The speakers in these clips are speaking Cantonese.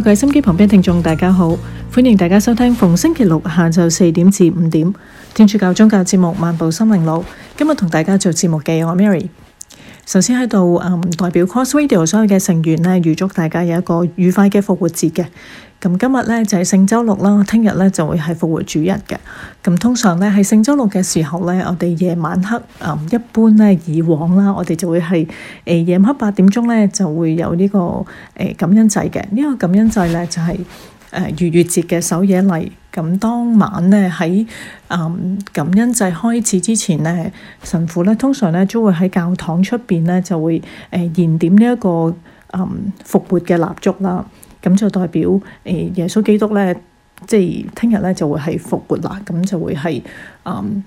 各位心機旁邊的聽眾，大家好，歡迎大家收聽逢星期六下晝四點至五點天主教宗教節目《漫步心靈路》。今日同大家做節目嘅我，我係 Mary，首先喺度誒，代表 COS Video 所有嘅成員咧，預祝大家有一個愉快嘅復活節嘅。咁今日咧就係聖週六啦，聽日咧就會係復活主日嘅。咁通常咧喺聖週六嘅時候咧，我哋夜晚黑，嗯，一般咧以往啦，我哋就會係誒夜晚黑八點鐘咧就會有呢個誒感恩祭嘅。呢個感恩祭咧就係誒逾越節嘅守夜禮。咁當晚咧喺嗯感恩祭開始之前咧，神父咧通常咧都會喺教堂出邊咧就會誒燃點呢一個嗯復活嘅蠟燭啦。咁就代表誒耶穌基督咧，即係聽日咧就會係復活啦，咁就會係嗯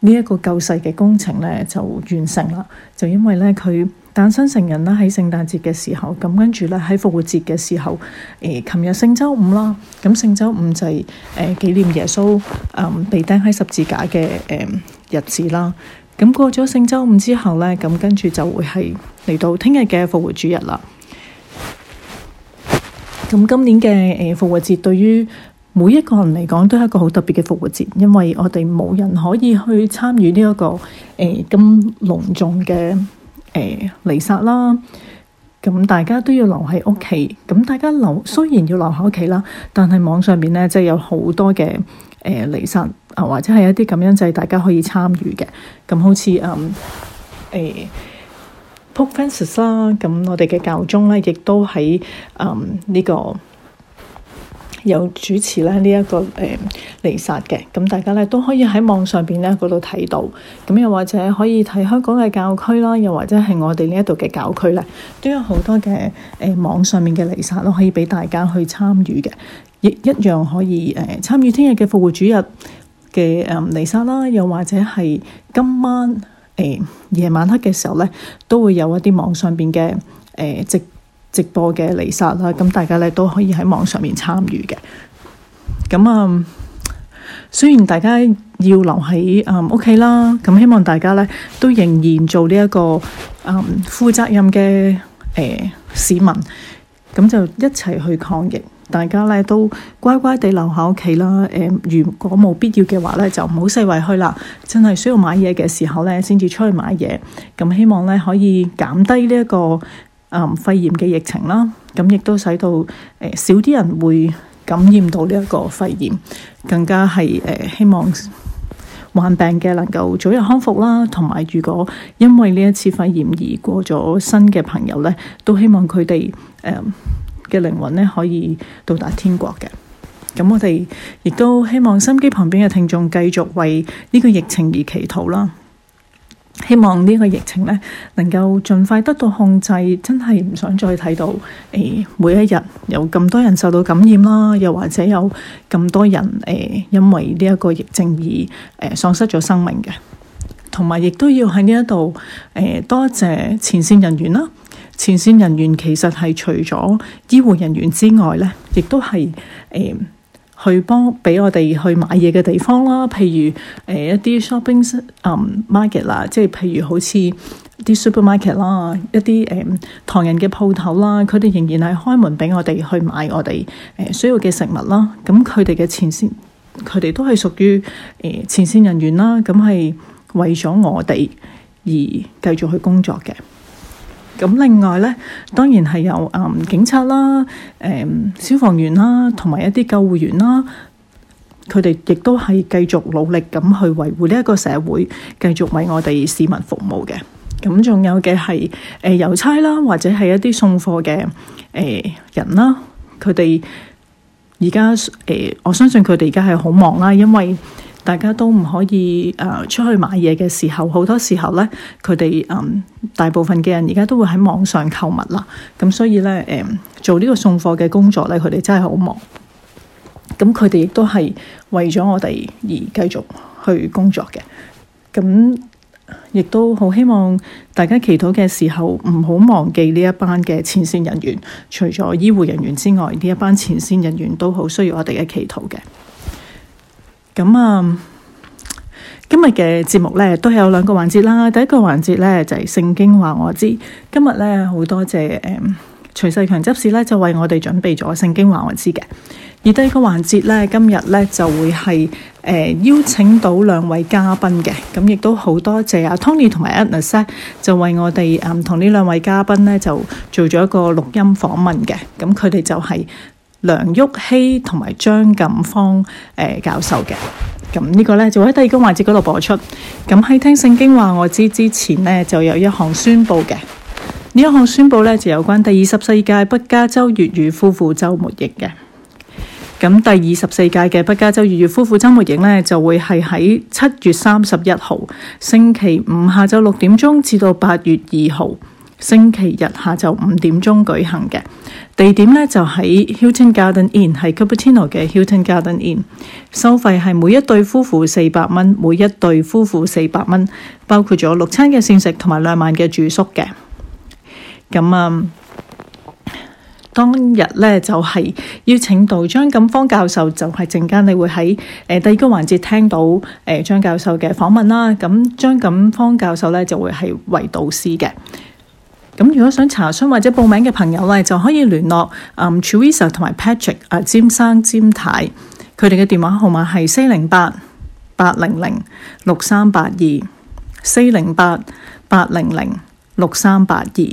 呢一、這個救世嘅工程咧就完成啦。就因為咧佢誕生成人啦喺聖誕節嘅時候，咁跟住咧喺復活節嘅時候，誒琴日聖周五啦，咁、嗯、聖周五就係誒紀念耶穌嗯被釘喺十字架嘅誒、嗯、日子啦。咁、嗯、過咗聖周五之後咧，咁跟住就會係嚟到聽日嘅復活主日啦。咁今年嘅誒復活節對於每一個人嚟講都係一個好特別嘅復活節，因為我哋冇人可以去參與呢、這、一個誒咁、呃、隆重嘅誒彌撒啦。咁、呃、大家都要留喺屋企，咁大家留雖然要留喺屋企啦，但係網上面咧即係有好多嘅誒彌撒啊，或者係一啲咁樣就係大家可以參與嘅。咁好似誒。嗯呃啦，咁我哋嘅教宗咧，亦都喺嗯呢、這個有主持咧呢一個誒彌、呃、撒嘅，咁、嗯、大家咧都可以喺網上邊咧嗰度睇到，咁又或者可以睇香港嘅教區啦，又或者係我哋呢一度嘅教區咧，都有好多嘅誒、呃、網上面嘅彌撒都可以俾大家去參與嘅，亦一樣可以誒、呃、參與聽日嘅復活主日嘅誒彌撒啦，又或者係今晚。誒夜、呃、晚黑嘅時候咧，都會有一啲網上邊嘅誒直直播嘅離殺啦，咁、啊、大家咧都可以喺網上面參與嘅。咁、嗯、啊，雖然大家要留喺啊屋企啦，咁、嗯、希望大家咧都仍然做呢、這、一個啊、嗯、負責任嘅誒、呃、市民，咁、嗯、就一齊去抗疫。大家咧都乖乖地留喺屋企啦。誒、呃，如果冇必要嘅話咧，就唔好四圍去啦。真係需要買嘢嘅時候咧，先至出去買嘢。咁、嗯、希望咧可以減低呢、這、一個啊、呃、肺炎嘅疫情啦。咁、嗯、亦都使到誒、呃、少啲人會感染到呢一個肺炎。更加係誒、呃、希望患病嘅能夠早日康復啦。同埋，如果因為呢一次肺炎而過咗身嘅朋友咧，都希望佢哋誒。呃嘅靈魂咧可以到達天國嘅，咁我哋亦都希望心機旁邊嘅聽眾繼續為呢個疫情而祈禱啦。希望呢個疫情咧能夠盡快得到控制，真係唔想再睇到誒、欸、每一日有咁多人受到感染啦，又或者有咁多人誒、欸、因為呢一個疫症而誒、欸、喪失咗生命嘅，同埋亦都要喺呢一度誒多謝前線人員啦。前線人員其實係除咗醫護人員之外呢，亦都係誒、欸、去幫俾我哋去買嘢嘅地方啦。譬如誒、欸、一啲 shopping market 啦，即係譬如好似啲 supermarket 啦，一啲誒、欸、唐人嘅鋪頭啦，佢哋仍然係開門俾我哋去買我哋誒、欸、需要嘅食物啦。咁佢哋嘅前線，佢哋都係屬於誒前線人員啦。咁係為咗我哋而繼續去工作嘅。咁另外咧，當然係有誒、嗯、警察啦、誒、嗯、消防員啦，同埋一啲救護員啦，佢哋亦都係繼續努力咁去維護呢一個社會，繼續為我哋市民服務嘅。咁、嗯、仲有嘅係誒郵差啦，或者係一啲送貨嘅誒人啦，佢哋而家誒，我相信佢哋而家係好忙啦，因為，大家都唔可以誒出去買嘢嘅時候，好多時候咧，佢哋誒大部分嘅人而家都會喺網上購物啦。咁所以咧，誒、嗯、做呢個送貨嘅工作咧，佢哋真係好忙。咁佢哋亦都係為咗我哋而繼續去工作嘅。咁亦都好希望大家祈禱嘅時候唔好忘記呢一班嘅前線人員。除咗醫護人員之外，呢一班前線人員都好需要我哋嘅祈禱嘅。咁啊，今日嘅節目咧都係有兩個環節啦。第一個環節咧就係聖經話我知，今日咧好多謝誒徐世強執事咧就為我哋準備咗聖經話我知嘅。而第二個環節咧今日咧就會係誒邀請到兩位嘉賓嘅。咁亦都好多謝阿 Tony 同埋 Edna 咧就為我哋誒同呢兩位嘉賓咧就做咗一個錄音訪問嘅。咁佢哋就係。梁旭熙同埋張錦芳誒教授嘅，咁呢個呢就會喺第二個環節嗰度播出。咁喺聽聖經話我知之前呢，就有一項宣布嘅，呢一項宣布呢，就有關第二十四屆北加州粵語夫婦周末營嘅。咁第二十四屆嘅北加州粵語夫婦周末營呢，就會係喺七月三十一號星期五下晝六點鐘至到八月二號。星期日下晝五點鐘舉行嘅，地點咧就喺 Hilton Garden Inn，係 Cupertino 嘅 Hilton Garden Inn。收費係每一對夫婦四百蚊，每一對夫婦四百蚊，包括咗六餐嘅膳食同埋兩晚嘅住宿嘅。咁、嗯、啊，當日咧就係、是、邀請到張錦芳教授，就係陣間你會喺誒、呃、第二個環節聽到誒張、呃、教授嘅訪問啦。咁張錦芳教授咧就會係為導師嘅。咁如果想查詢或者報名嘅朋友咧，就可以聯絡嗯、um, Truisa 同埋 Patrick 啊，詹生詹太，佢哋嘅電話號碼係四零八八零零六三八二四零八八零零六三八二。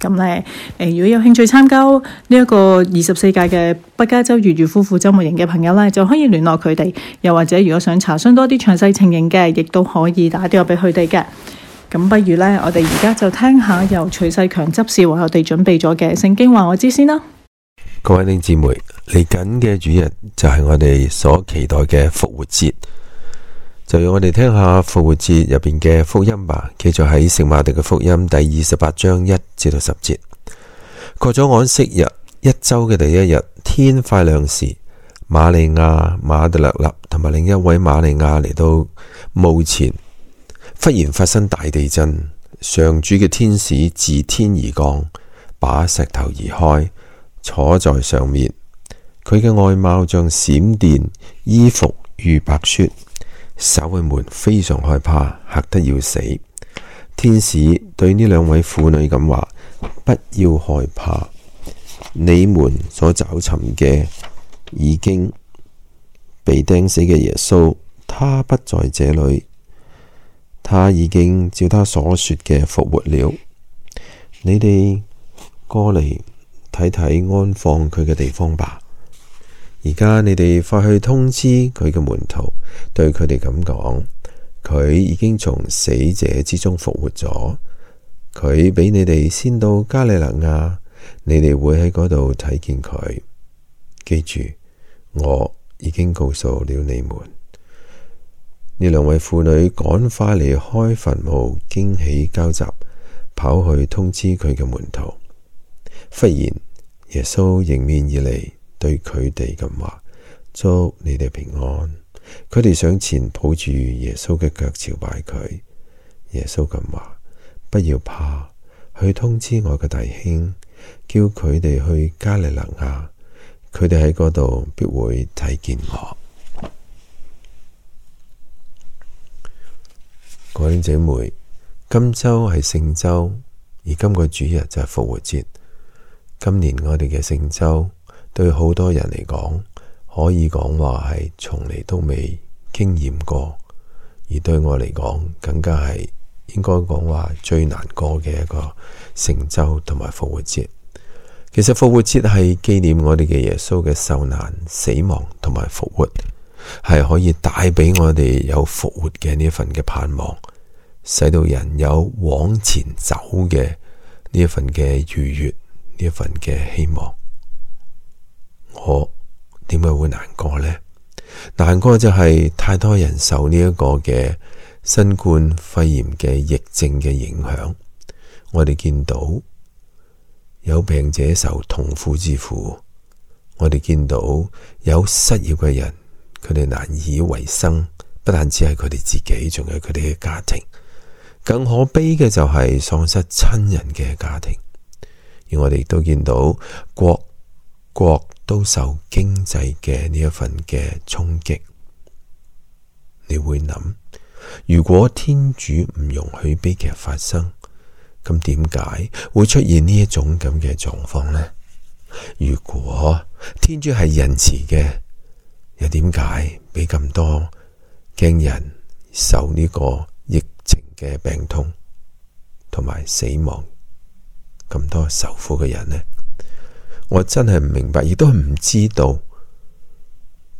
咁咧，誒、呃、如果有興趣參加呢一個二十四屆嘅北加州粵語夫婦周末營嘅朋友咧，就可以聯絡佢哋。又或者，如果想查詢多啲詳細情形嘅，亦都可以打電話俾佢哋嘅。咁不如呢，我哋而家就聽下由徐世強執事為我哋準備咗嘅《聖經話我知》先啦。各位弟兄姊妹，嚟緊嘅主日就係我哋所期待嘅復活節，就讓我哋聽下復活節入邊嘅福音吧。繼續喺聖馬竇嘅福音第二十八章一至到十節。過咗安息日一周嘅第一日，天快亮時，瑪利亞、馬德勒納同埋另一位瑪利亞嚟到墓前。忽然發生大地震，上主嘅天使自天而降，把石頭移開，坐在上面。佢嘅外貌像閃電，衣服如白雪。守衛們非常害怕，嚇得要死。天使對呢兩位婦女咁話：不要害怕，你們所找尋嘅已經被釘死嘅耶穌，他不在這裏。他已經照他所說嘅復活了。你哋過嚟睇睇安放佢嘅地方吧。而家你哋快去通知佢嘅門徒，對佢哋咁講：佢已經從死者之中復活咗。佢俾你哋先到加利肋亞，你哋會喺嗰度睇見佢。記住，我已經告訴了你們。呢兩位婦女趕快離開墳墓，驚喜交集，跑去通知佢嘅門徒。忽然，耶穌迎面而嚟，對佢哋咁話：祝你哋平安！佢哋上前抱住耶穌嘅腳，朝拜佢。耶穌咁話：不要怕，去通知我嘅弟兄，叫佢哋去加里肋亞，佢哋喺嗰度必會睇見我。各位姐妹，今周係聖周，而今個主日就係復活節。今年我哋嘅聖周，對好多人嚟講，可以講話係從嚟都未經驗過；而對我嚟講，更加係應該講話最難過嘅一個聖周同埋復活節。其實復活節係紀念我哋嘅耶穌嘅受難、死亡同埋復活。係可以帶俾我哋有復活嘅呢份嘅盼望，使到人有往前走嘅呢一份嘅愉悅，呢一份嘅希望。我點解會難過呢？難過就係太多人受呢一個嘅新冠肺炎嘅疫症嘅影響，我哋見到有病者受痛苦之苦，我哋見到有失業嘅人。佢哋難以為生，不但只係佢哋自己，仲有佢哋嘅家庭。更可悲嘅就係喪失親人嘅家庭。而我哋都見到國國都受經濟嘅呢一份嘅衝擊。你會諗，如果天主唔容許悲劇發生，咁點解會出現呢一種咁嘅狀況呢？如果天主係仁慈嘅。係點解俾咁多驚人受呢個疫情嘅病痛同埋死亡咁多受苦嘅人呢？我真係唔明白，亦都唔知道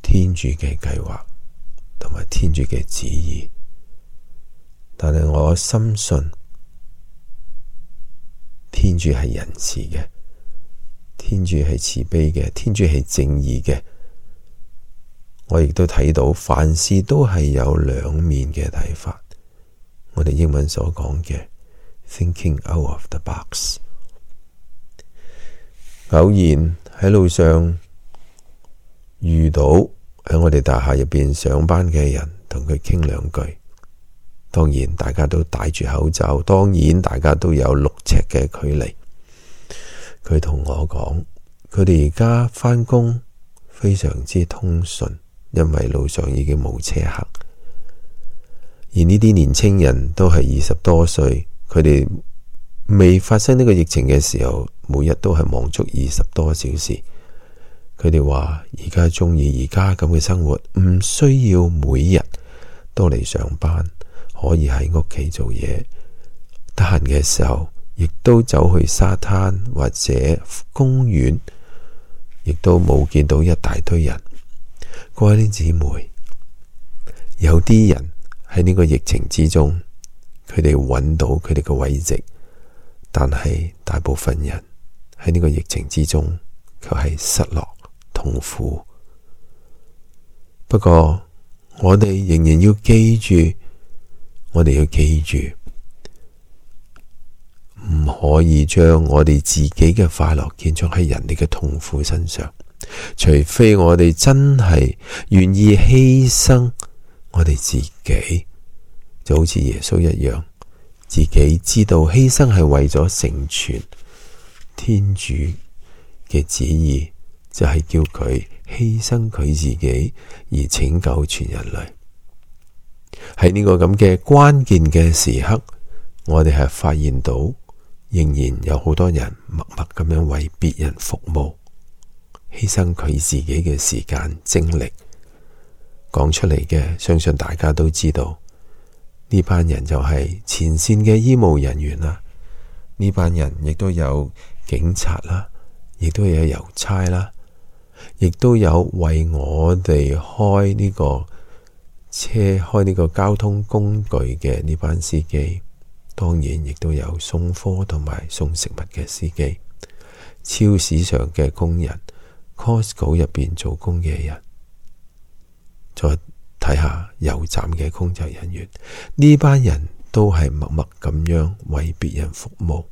天主嘅計劃同埋天主嘅旨意。但係我深信天主係仁慈嘅，天主係慈悲嘅，天主係正義嘅。我亦都睇到凡事都係有兩面嘅睇法。我哋英文所講嘅 thinking out of the box。偶然喺路上遇到喺我哋大廈入邊上班嘅人，同佢傾兩句。當然大家都戴住口罩，當然大家都有六尺嘅距離。佢同我講，佢哋而家返工非常之通順。因為路上已經冇車行，而呢啲年輕人都係二十多歲，佢哋未發生呢個疫情嘅時候，每日都係忙足二十多小時。佢哋話：而家中意而家咁嘅生活，唔需要每日都嚟上班，可以喺屋企做嘢。得閒嘅時候，亦都走去沙灘或者公園，亦都冇見到一大堆人。各位啲姊妹，有啲人喺呢個疫情之中，佢哋揾到佢哋嘅位置，但係大部分人喺呢個疫情之中，卻係失落、痛苦。不過，我哋仍然要記住，我哋要記住，唔可以將我哋自己嘅快樂建築喺人哋嘅痛苦身上。除非我哋真係願意犧牲我哋自己，就好似耶穌一樣，自己知道犧牲係為咗成全天主嘅旨意，就係叫佢犧牲佢自己而拯救全人類。喺呢個咁嘅關鍵嘅時刻，我哋係發現到仍然有好多人默默咁樣為別人服務，犧牲佢自己嘅時間精力講出嚟嘅。相信大家都知道呢班人就係前線嘅醫務人員啦。呢班人亦都有警察啦，亦都有郵差啦，亦都有為我哋開呢個車開呢個交通工具嘅呢班司機。當然亦都有送貨同埋送食物嘅司機，超市上嘅工人。Costco 入邊做工嘅人，再睇下油站嘅工作人員，呢班人都係默默咁樣為別人服務。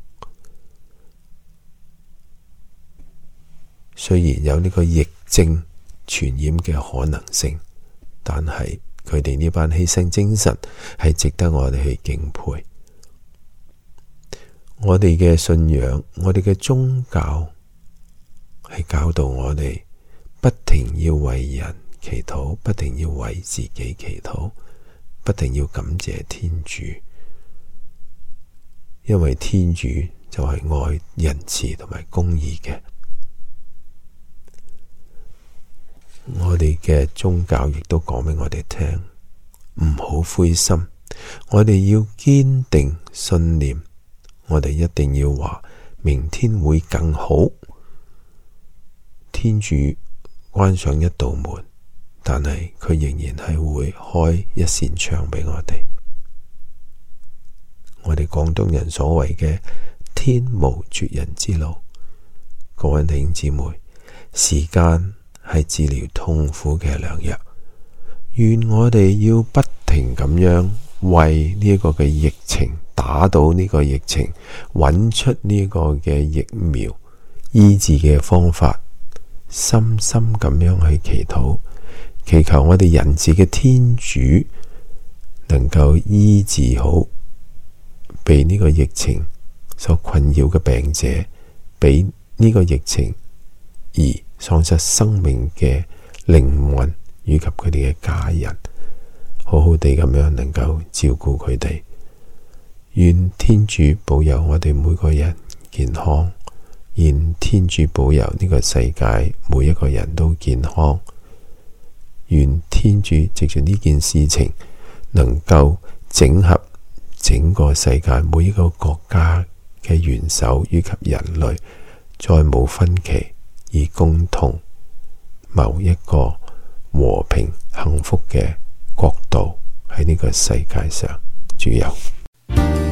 雖然有呢個疫症傳染嘅可能性，但係佢哋呢班犧牲精神係值得我哋去敬佩。我哋嘅信仰，我哋嘅宗教。係教導我哋不停要為人祈禱，不停要為自己祈禱，不停要感謝天主，因為天主就係愛、仁慈同埋公義嘅。我哋嘅宗教亦都講俾我哋聽，唔好灰心，我哋要堅定信念，我哋一定要話明天會更好。天主關上一道門，但係佢仍然係會開一扇窗俾我哋。我哋廣東人所謂嘅天無絕人之路，各位弟兄姊妹，時間係治療痛苦嘅良藥。願我哋要不停咁樣為呢個嘅疫情打倒呢個疫情，揾出呢個嘅疫苗醫治嘅方法。深深咁樣去祈禱，祈求我哋仁慈嘅天主能夠醫治好被呢個疫情所困擾嘅病者，俾呢個疫情而喪失生命嘅靈魂以及佢哋嘅家人，好好地咁樣能夠照顧佢哋。願天主保佑我哋每個人健康。願天主保佑呢個世界每一個人都健康，願天主藉住呢件事情，能夠整合整個世界每一個國家嘅元首以及人類，再冇分歧而共同某一個和平幸福嘅國度喺呢個世界上主佑。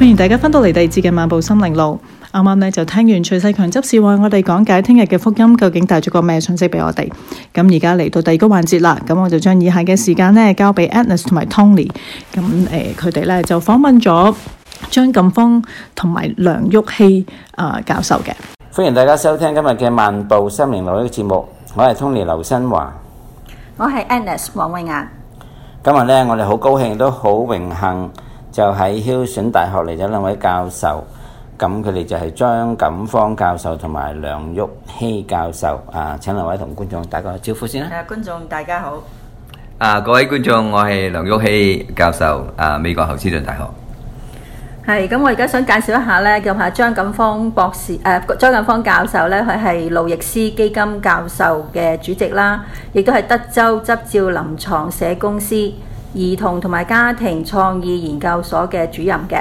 歡迎大家翻到嚟第二節嘅漫步心靈路，啱啱咧，就聽完徐世強執事為我哋講解聽日嘅福音究竟帶咗個咩信息俾我哋，咁而家嚟到第二個環節啦，咁我就將以下嘅時間咧，交俾 Anice 同埋 Tony，咁，誒佢哋咧，就訪問咗張錦峰同埋梁旭熙誒教授嘅。歡迎大家收聽今日嘅漫步心靈路呢個節目，我係 Tony 劉新華，我係 Anice 黃永亞。今日咧，我哋好高興，都好榮幸。就喺挑選大學嚟咗兩位教授，咁佢哋就係張錦芳教授同埋梁玉希教授，啊，請兩位同觀眾打個招呼先啦。啊，觀眾大家好。啊，各位觀眾，我係梁玉希教授，啊，美國侯斯頓大學。係，咁我而家想介紹一下呢，叫下張錦芳博士，誒，張錦芳教授呢，佢係路易斯基金教授嘅主席啦，亦都係德州執照臨床社公司。兒童同埋家庭創意研究所嘅主任嘅，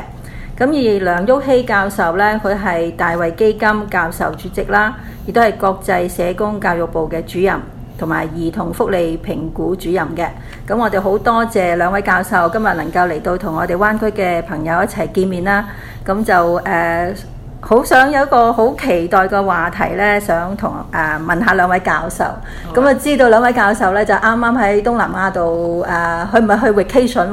咁而梁旭熙教授呢，佢係大衛基金教授主席啦，亦都係國際社工教育部嘅主任同埋兒童福利評估主任嘅。咁我哋好多謝兩位教授今日能夠嚟到同我哋灣區嘅朋友一齊見面啦。咁就誒。呃好想有一個好期待嘅話題呢，想同誒問下兩位教授，咁啊吧知道兩位教授呢，就啱啱喺東南亞度誒，佢唔係去 vacation，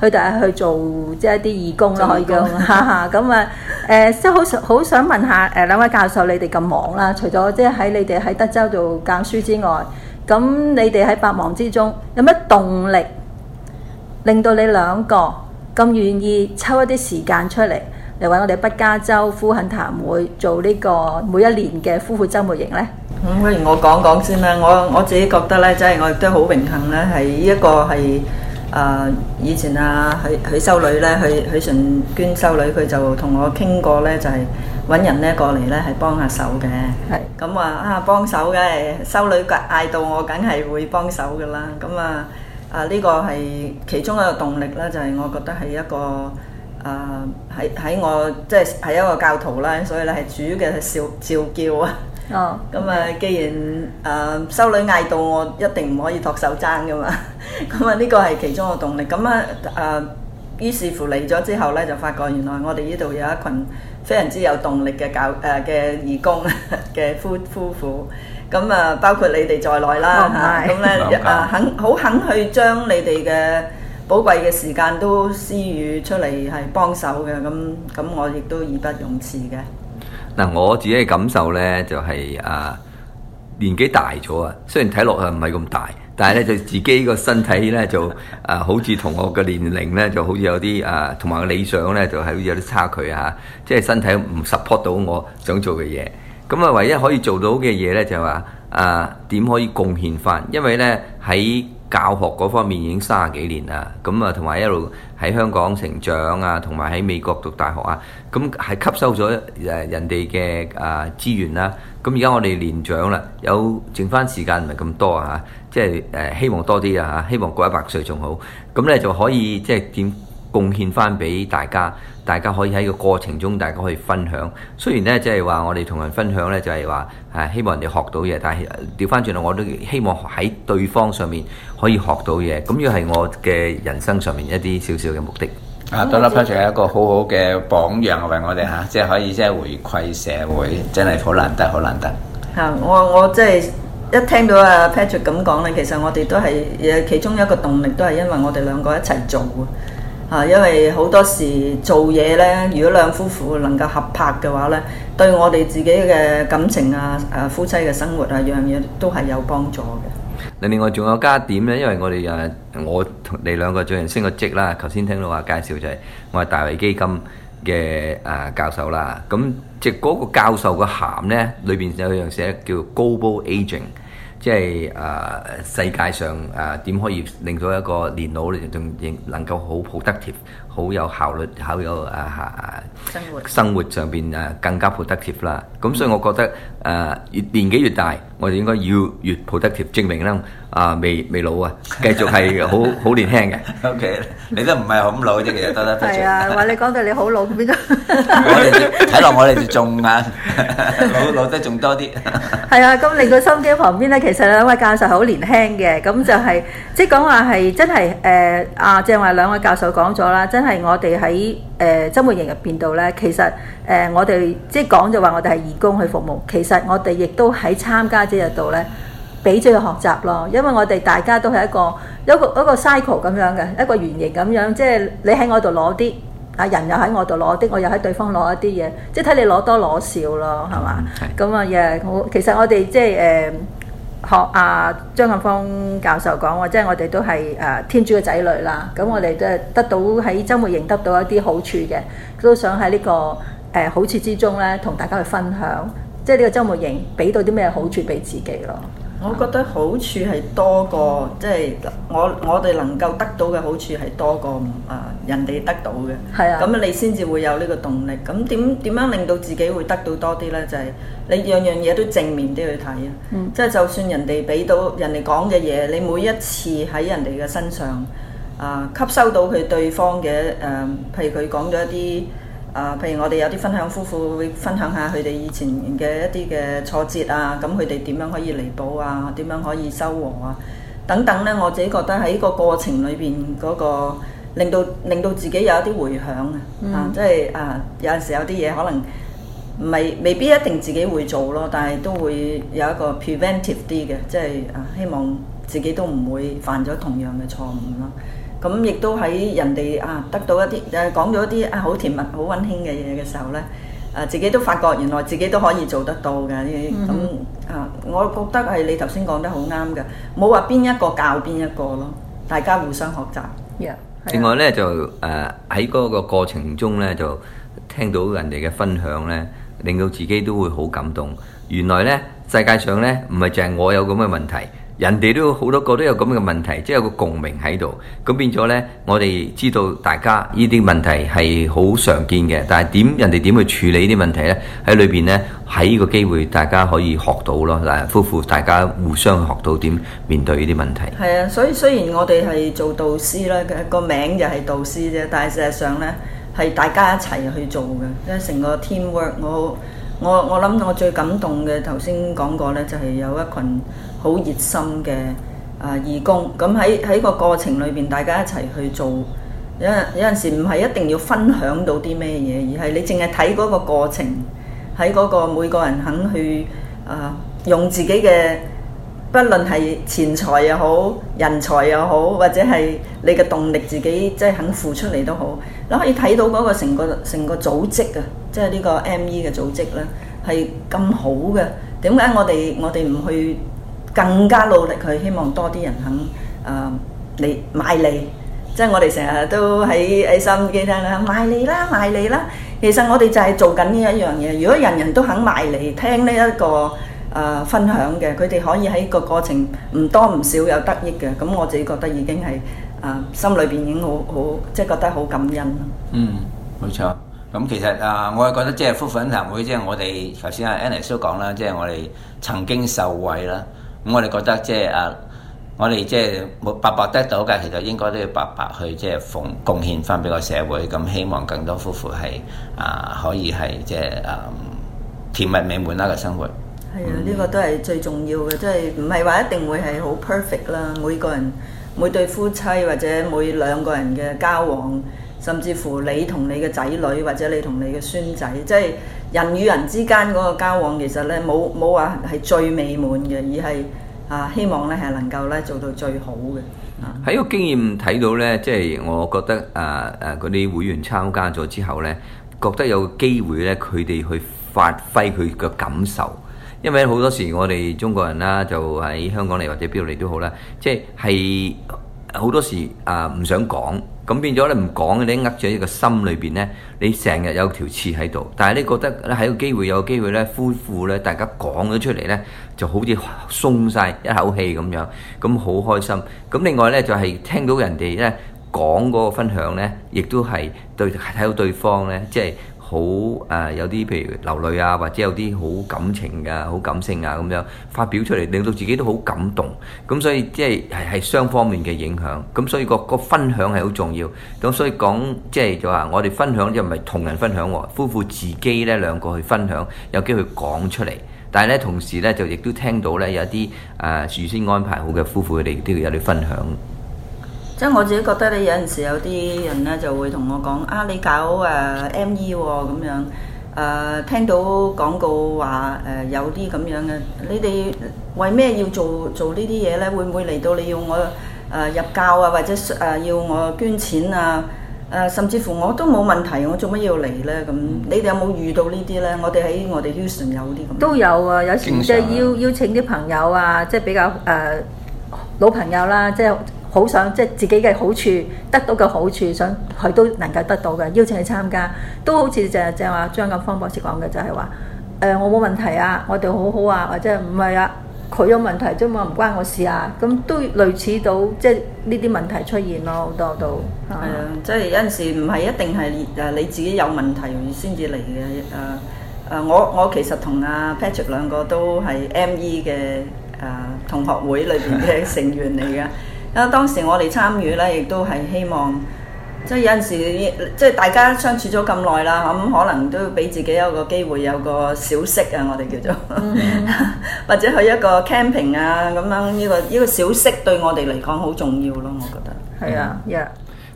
佢哋係去做即係一啲義工咯，義工咁啊誒，即係、嗯 欸、好想好想問下誒兩位教授，你哋咁忙啦，除咗即係喺你哋喺德州度教書之外，咁你哋喺百忙之中有咩動力令到你兩個咁願意抽一啲時間出嚟？又揾我哋北加州夫懇談會做呢個每一年嘅夫婦周末營咧，咁、嗯、不如我講講先啦。我我自己覺得咧，即係我亦都好榮幸咧，喺呢一個係啊、呃、以前啊許許修女咧，許許純娟修女，佢就同我傾過咧，就係、是、揾人咧過嚟咧係幫下手嘅。係咁是、嗯、啊啊幫手嘅修女嗌到我，梗係會幫手噶啦。咁、嗯、啊啊呢、這個係其中一個動力啦，就係、是、我覺得係一個。誒喺喺我即係係一個教徒啦，所以咧係主嘅召照叫啊！哦，咁啊，既然誒、呃、修女嗌到我，一定唔可以托手踭噶嘛，咁啊呢個係其中嘅動力。咁啊誒，於是乎嚟咗之後咧，就發覺原來我哋呢度有一群非常之有動力嘅教誒嘅義工嘅夫夫婦，咁啊包括你哋在內啦，咁咧誒肯好肯，肯去將你哋嘅。寶貴嘅時間都私語出嚟係幫手嘅，咁咁我亦都義不容辭嘅。嗱，我自己嘅感受呢，就係啊，年紀大咗啊，雖然睇落去唔係咁大，但係呢，就自己個身體呢，就啊，好似同我嘅年齡呢，就好似有啲啊，同埋個理想呢，就係好似有啲差距啊，即係身體唔 support 到我想做嘅嘢。咁啊，唯一可以做到嘅嘢呢，就係話啊，點可以貢獻翻？因為呢喺教學嗰方面已經三十幾年啦，咁啊同埋一路喺香港成長啊，同埋喺美國讀大學啊，咁係吸收咗誒、呃、人哋嘅啊資源啦、啊。咁而家我哋年長啦，有剩翻時間唔係咁多啊，即係誒希望多啲啊，希望過一百歲仲好，咁咧就可以即係點貢獻翻俾大家。大家可以喺個過程中，大家可以分享。雖然咧，即係話我哋同人分享咧，就係話誒希望人哋學到嘢。但係掉返轉嚟，我都希望喺對方上面可以學到嘢。咁要係我嘅人生上面一啲少少嘅目的，的。啊 Donald Patrick 係一個好好嘅榜樣為我哋吓，即係可以即係回饋社會，真係好難得，好難得。嚇！我我即係一聽到阿、啊、Patrick 咁講咧，其實我哋都係誒其中一個動力，都係因為我哋兩個一齊做啊，因為好多時做嘢呢，如果兩夫婦能夠合拍嘅話呢，對我哋自己嘅感情啊、誒夫妻嘅生活啊，樣樣嘢都係有幫助嘅。另外仲有加點呢，因為我哋誒我同你兩個最近升個職啦，頭先聽到話介紹就係、是、我係大衞基金嘅誒教授啦。咁即係嗰個教授嘅函呢，裏邊有樣寫叫 Global Aging。即係誒、啊，世界上誒點、啊、可以令到一個電腦仲仍能夠好 productive？好有效率，好有啊！生活生活上邊啊，更加抱得貼啦。咁所以我覺得誒越年紀越大，我哋應該要越抱得貼證明啦。啊，未未老啊，繼續係好好年輕嘅。O K，你都唔係好老啫，其實得得得。係啊，話你講到你好老，邊個？睇落我哋就仲硬，老老得仲多啲。係啊，咁你個心機旁邊咧，其實兩位教授係好年輕嘅，咁就係即講話係真係誒啊，正話兩位教授講咗啦，真係。係我哋喺誒周末營入邊度咧，其實誒、呃、我哋即係講就話我哋係義工去服務，其實我哋亦都喺參加者入度咧，俾咗去學習咯。因為我哋大家都係一個一個一個 cycle 咁樣嘅，一個圓形咁樣，即係你喺我度攞啲，啊人又喺我度攞啲，我又喺對方攞一啲嘢，即係睇你攞多攞少咯，係嘛？咁啊，誒，我其實我哋即係誒。呃學啊，張杏芳教授講話，即係我哋都係誒天主嘅仔女啦。咁我哋都係得到喺周末營得到一啲好處嘅，都想喺呢個誒好處之中咧，同大家去分享。即係呢個周末營俾到啲咩好處俾自己咯。我覺得好處係多過，即係、嗯、我我哋能夠得到嘅好處係多過啊、呃、人哋得到嘅，咁啊係嘅你先至會有呢個動力。咁點點樣令到自己會得到多啲呢？就係、係、你樣樣嘢都正面啲去睇啊，即係、嗯、就，就算人哋俾到人哋講嘅嘢，你每一次喺人哋嘅身上啊、呃、吸收到佢對方嘅誒、呃，譬如佢講咗一啲。啊，譬如我哋有啲分享夫婦會分享下佢哋以前嘅一啲嘅挫折啊，咁佢哋點樣可以彌補啊？點樣可以收穫啊？等等咧，我自己覺得喺呢個過程裏邊、那個，嗰個令到令到自己有一啲回響啊，即係、嗯啊，就是、啊，有陣時有啲嘢可能唔係未必一定自己會做咯，但係都會有一個 preventive 啲嘅，即、就、係、是、啊，希望自己都唔會犯咗同樣嘅錯誤咯、啊。咁亦都喺人哋啊，得到一啲誒講咗啲啊，好甜蜜、好溫馨嘅嘢嘅時候呢，誒自己都發覺原來自己都可以做得到嘅。咁啊、嗯哼，我覺得係你頭先講得好啱嘅，冇話邊一個教邊一個咯，大家互相學習。Yeah, yeah. 另外呢，就誒喺嗰個過程中呢，就聽到人哋嘅分享呢，令到自己都會好感動。原來呢，世界上呢，唔係淨係我有咁嘅問題。人哋都好多個都有咁嘅問題，即係有個共鳴喺度，咁變咗呢，我哋知道大家呢啲問題係好常見嘅，但係點人哋點去處理呢啲問題呢？喺裏邊呢，喺個機會大家可以學到咯，誒夫婦大家互相學到點面對呢啲問題。係啊，所以雖然我哋係做導師啦，個名就係導師啫，但係事實上呢係大家一齊去做嘅，因為成個 teamwork 我。我我諗我最感動嘅，頭先講過咧，就係、是、有一群好熱心嘅啊、呃、義工，咁喺喺個過程裏邊，大家一齊去做，有有陣時唔係一定要分享到啲咩嘢，而係你淨係睇嗰個過程，喺嗰個每個人肯去啊、呃、用自己嘅。不論係錢財又好，人才又好，或者係你嘅動力自己即係肯付出嚟都好，你可以睇到嗰個成個成個組織啊，即係呢個 M E 嘅組織咧，係咁好嘅。點解我哋我哋唔去更加努力去希望多啲人肯誒嚟賣力？即係我哋成日都喺喺收音機聽啦，賣力啦，賣力啦。其實我哋就係做緊呢一樣嘢。如果人人都肯賣力聽呢一個，誒、啊、分享嘅，佢哋可以喺個過程唔多唔少有得益嘅，咁、嗯、我自己覺得已經係誒、啊、心裏邊已經好好，即係覺得好感恩咯。嗯，冇錯。咁其實啊，我係覺得即係夫婦懇談會，即、就、係、是、我哋頭先阿 Annie 講啦，即係、就是、我哋曾經受惠啦。咁我哋覺得即、就、係、是、啊，我哋即係白白得到嘅，其實應該都要白白去即係奉貢獻翻俾個社會。咁、嗯、希望更多夫婦係啊可以係即係誒甜蜜美滿啦嘅生活。呢個都係最重要嘅，即係唔係話一定會係好 perfect 啦。每個人、每對夫妻或者每兩個人嘅交往，甚至乎你同你嘅仔女或者你同你嘅孫仔，即係人與人之間嗰個交往，其實呢冇冇話係最美滿嘅，而係啊希望呢係能夠呢做到最好嘅。喺個經驗睇到呢，即係我覺得誒誒嗰啲會員參加咗之後呢，覺得有機會呢，佢哋去發揮佢嘅感受。因為好多時我哋中國人啦，就喺香港嚟或者邊度嚟都好啦，即係好多時啊唔想講，咁變咗你唔講咧，你呃咗喺個心裏邊呢，你成日有條刺喺度。但係你覺得喺個機會有機會呢，夫婦呢，大家講咗出嚟呢，就好似鬆晒一口氣咁樣，咁好開心。咁另外呢，就係、是、聽到人哋呢講嗰個分享呢，亦都係對睇到對方呢，即係。好誒、呃，有啲譬如流淚啊，或者有啲好感情嘅、啊、好感性啊咁樣發表出嚟，令到自己都好感動。咁所以即係係係雙方面嘅影響。咁所以個個分享係好重要。咁所以講即係就話、是，我哋分享又唔係同人分享、啊，夫婦自己呢兩個去分享，有機會講出嚟。但係咧，同時咧就亦都聽到咧有一啲誒事先安排好嘅夫婦，佢哋都要有啲分享。即係我自己覺得咧，有陣時有啲人咧就會同我講啊，你搞誒、呃、M.E. 喎、哦、咁樣誒，聽到廣告話誒、呃、有啲咁樣嘅，你哋為咩要做做呢啲嘢咧？會唔會嚟到你要我誒、呃、入教啊，或者誒、呃、要我捐錢啊？誒、呃，甚至乎我都冇問題，我做乜要嚟咧？咁你哋有冇遇到呢啲咧？我哋喺我哋 Uson 有啲咁。都有啊，有時即係邀邀請啲朋友啊，即、就、係、是、比較誒、呃、老朋友啦，即係。好想即係自己嘅好處得到嘅好處，想佢都能夠得到嘅，邀請你參加，都好似就就係、話張錦芳博士講嘅，就係話誒我冇問題啊，我哋好好啊，或者唔、啊、係啊，佢有問題啫嘛，唔關我事啊，咁都類似到即係呢啲問題出現咯，好多都係啊，即係有陣時唔係一定係誒你自己有問題先至嚟嘅，誒誒我我其實同阿、啊、Patrick 兩個都係 ME 嘅誒、呃、同學會裏邊嘅成員嚟嘅。 啊！當時我哋參與呢，亦都係希望，即係有陣時，即係大家相處咗咁耐啦，咁可能都要俾自己一個機會，有個小息啊！我哋叫做， 或者去一個 camping 啊，咁樣呢個呢個小息對我哋嚟講好重要咯，我覺得。係啊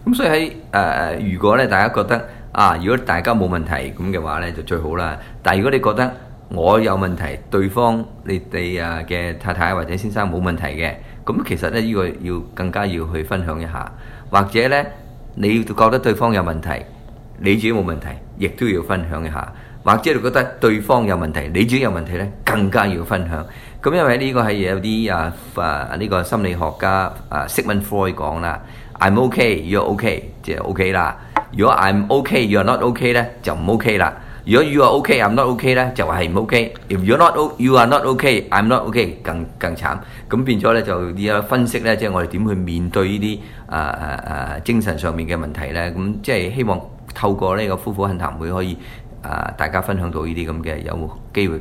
咁、嗯、所以喺誒、呃，如果咧大家覺得啊，如果大家冇問題咁嘅話呢，就最好啦。但係如果你覺得我有問題，對方你哋啊嘅太太或者先生冇問題嘅。咁其實咧，呢個要更加要去分享一下，或者咧，你覺得對方有問題，你自己冇問題，亦都要分享一下；或者你覺得對方有問題，你自己有問題咧，更加要分享。咁因為呢個係有啲啊啊呢個心理學家啊，Sigmund Freud 講啦，I'm OK，you're OK，就 OK 啦；如果 I'm OK，you're not OK 咧，就唔 OK 啦。如果 you are OK，I'm not OK 咧，就係唔 OK。If you're not OK，you are not OK，I'm not OK，更更慘。咁變咗咧就而家分析咧，即係我哋點去面對呢啲啊啊啊精神上面嘅問題咧。咁即係希望透過呢個夫婦懇談會可以啊、呃，大家分享到呢啲咁嘅有機會嘅誒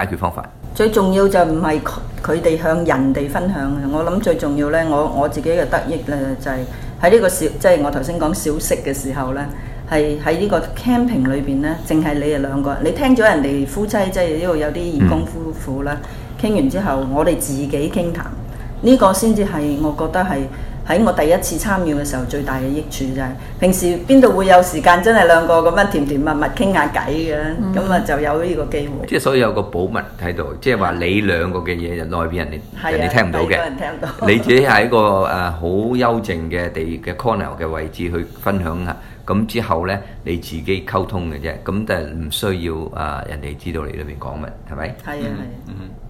解決方法。最重要就唔係佢哋向人哋分享。我諗最重要咧，我我自己嘅得益咧就係喺呢個小，即係我頭先講小食嘅時候咧。係喺呢個 camping 裏邊咧，淨係你哋兩個。你聽咗人哋夫妻，即係呢度有啲義工夫婦啦，傾、嗯、完之後，我哋自己傾談。呢、呢個先至係我覺得係。喺我第一次參與嘅時候，最大嘅益處就係平時邊度會有時間，真係兩個咁樣甜甜蜜蜜傾下偈嘅，咁啊就有呢個機會。即係所以有個保密喺度，即係話你兩個嘅嘢就內邊人哋人哋聽唔到嘅。多人聽唔到。你自己喺一個誒好幽靜嘅地嘅 corner 嘅位置去分享下，咁之後呢你自己溝通嘅啫，咁就唔需要啊人哋知道你裏邊講乜，係咪？係啊係啊。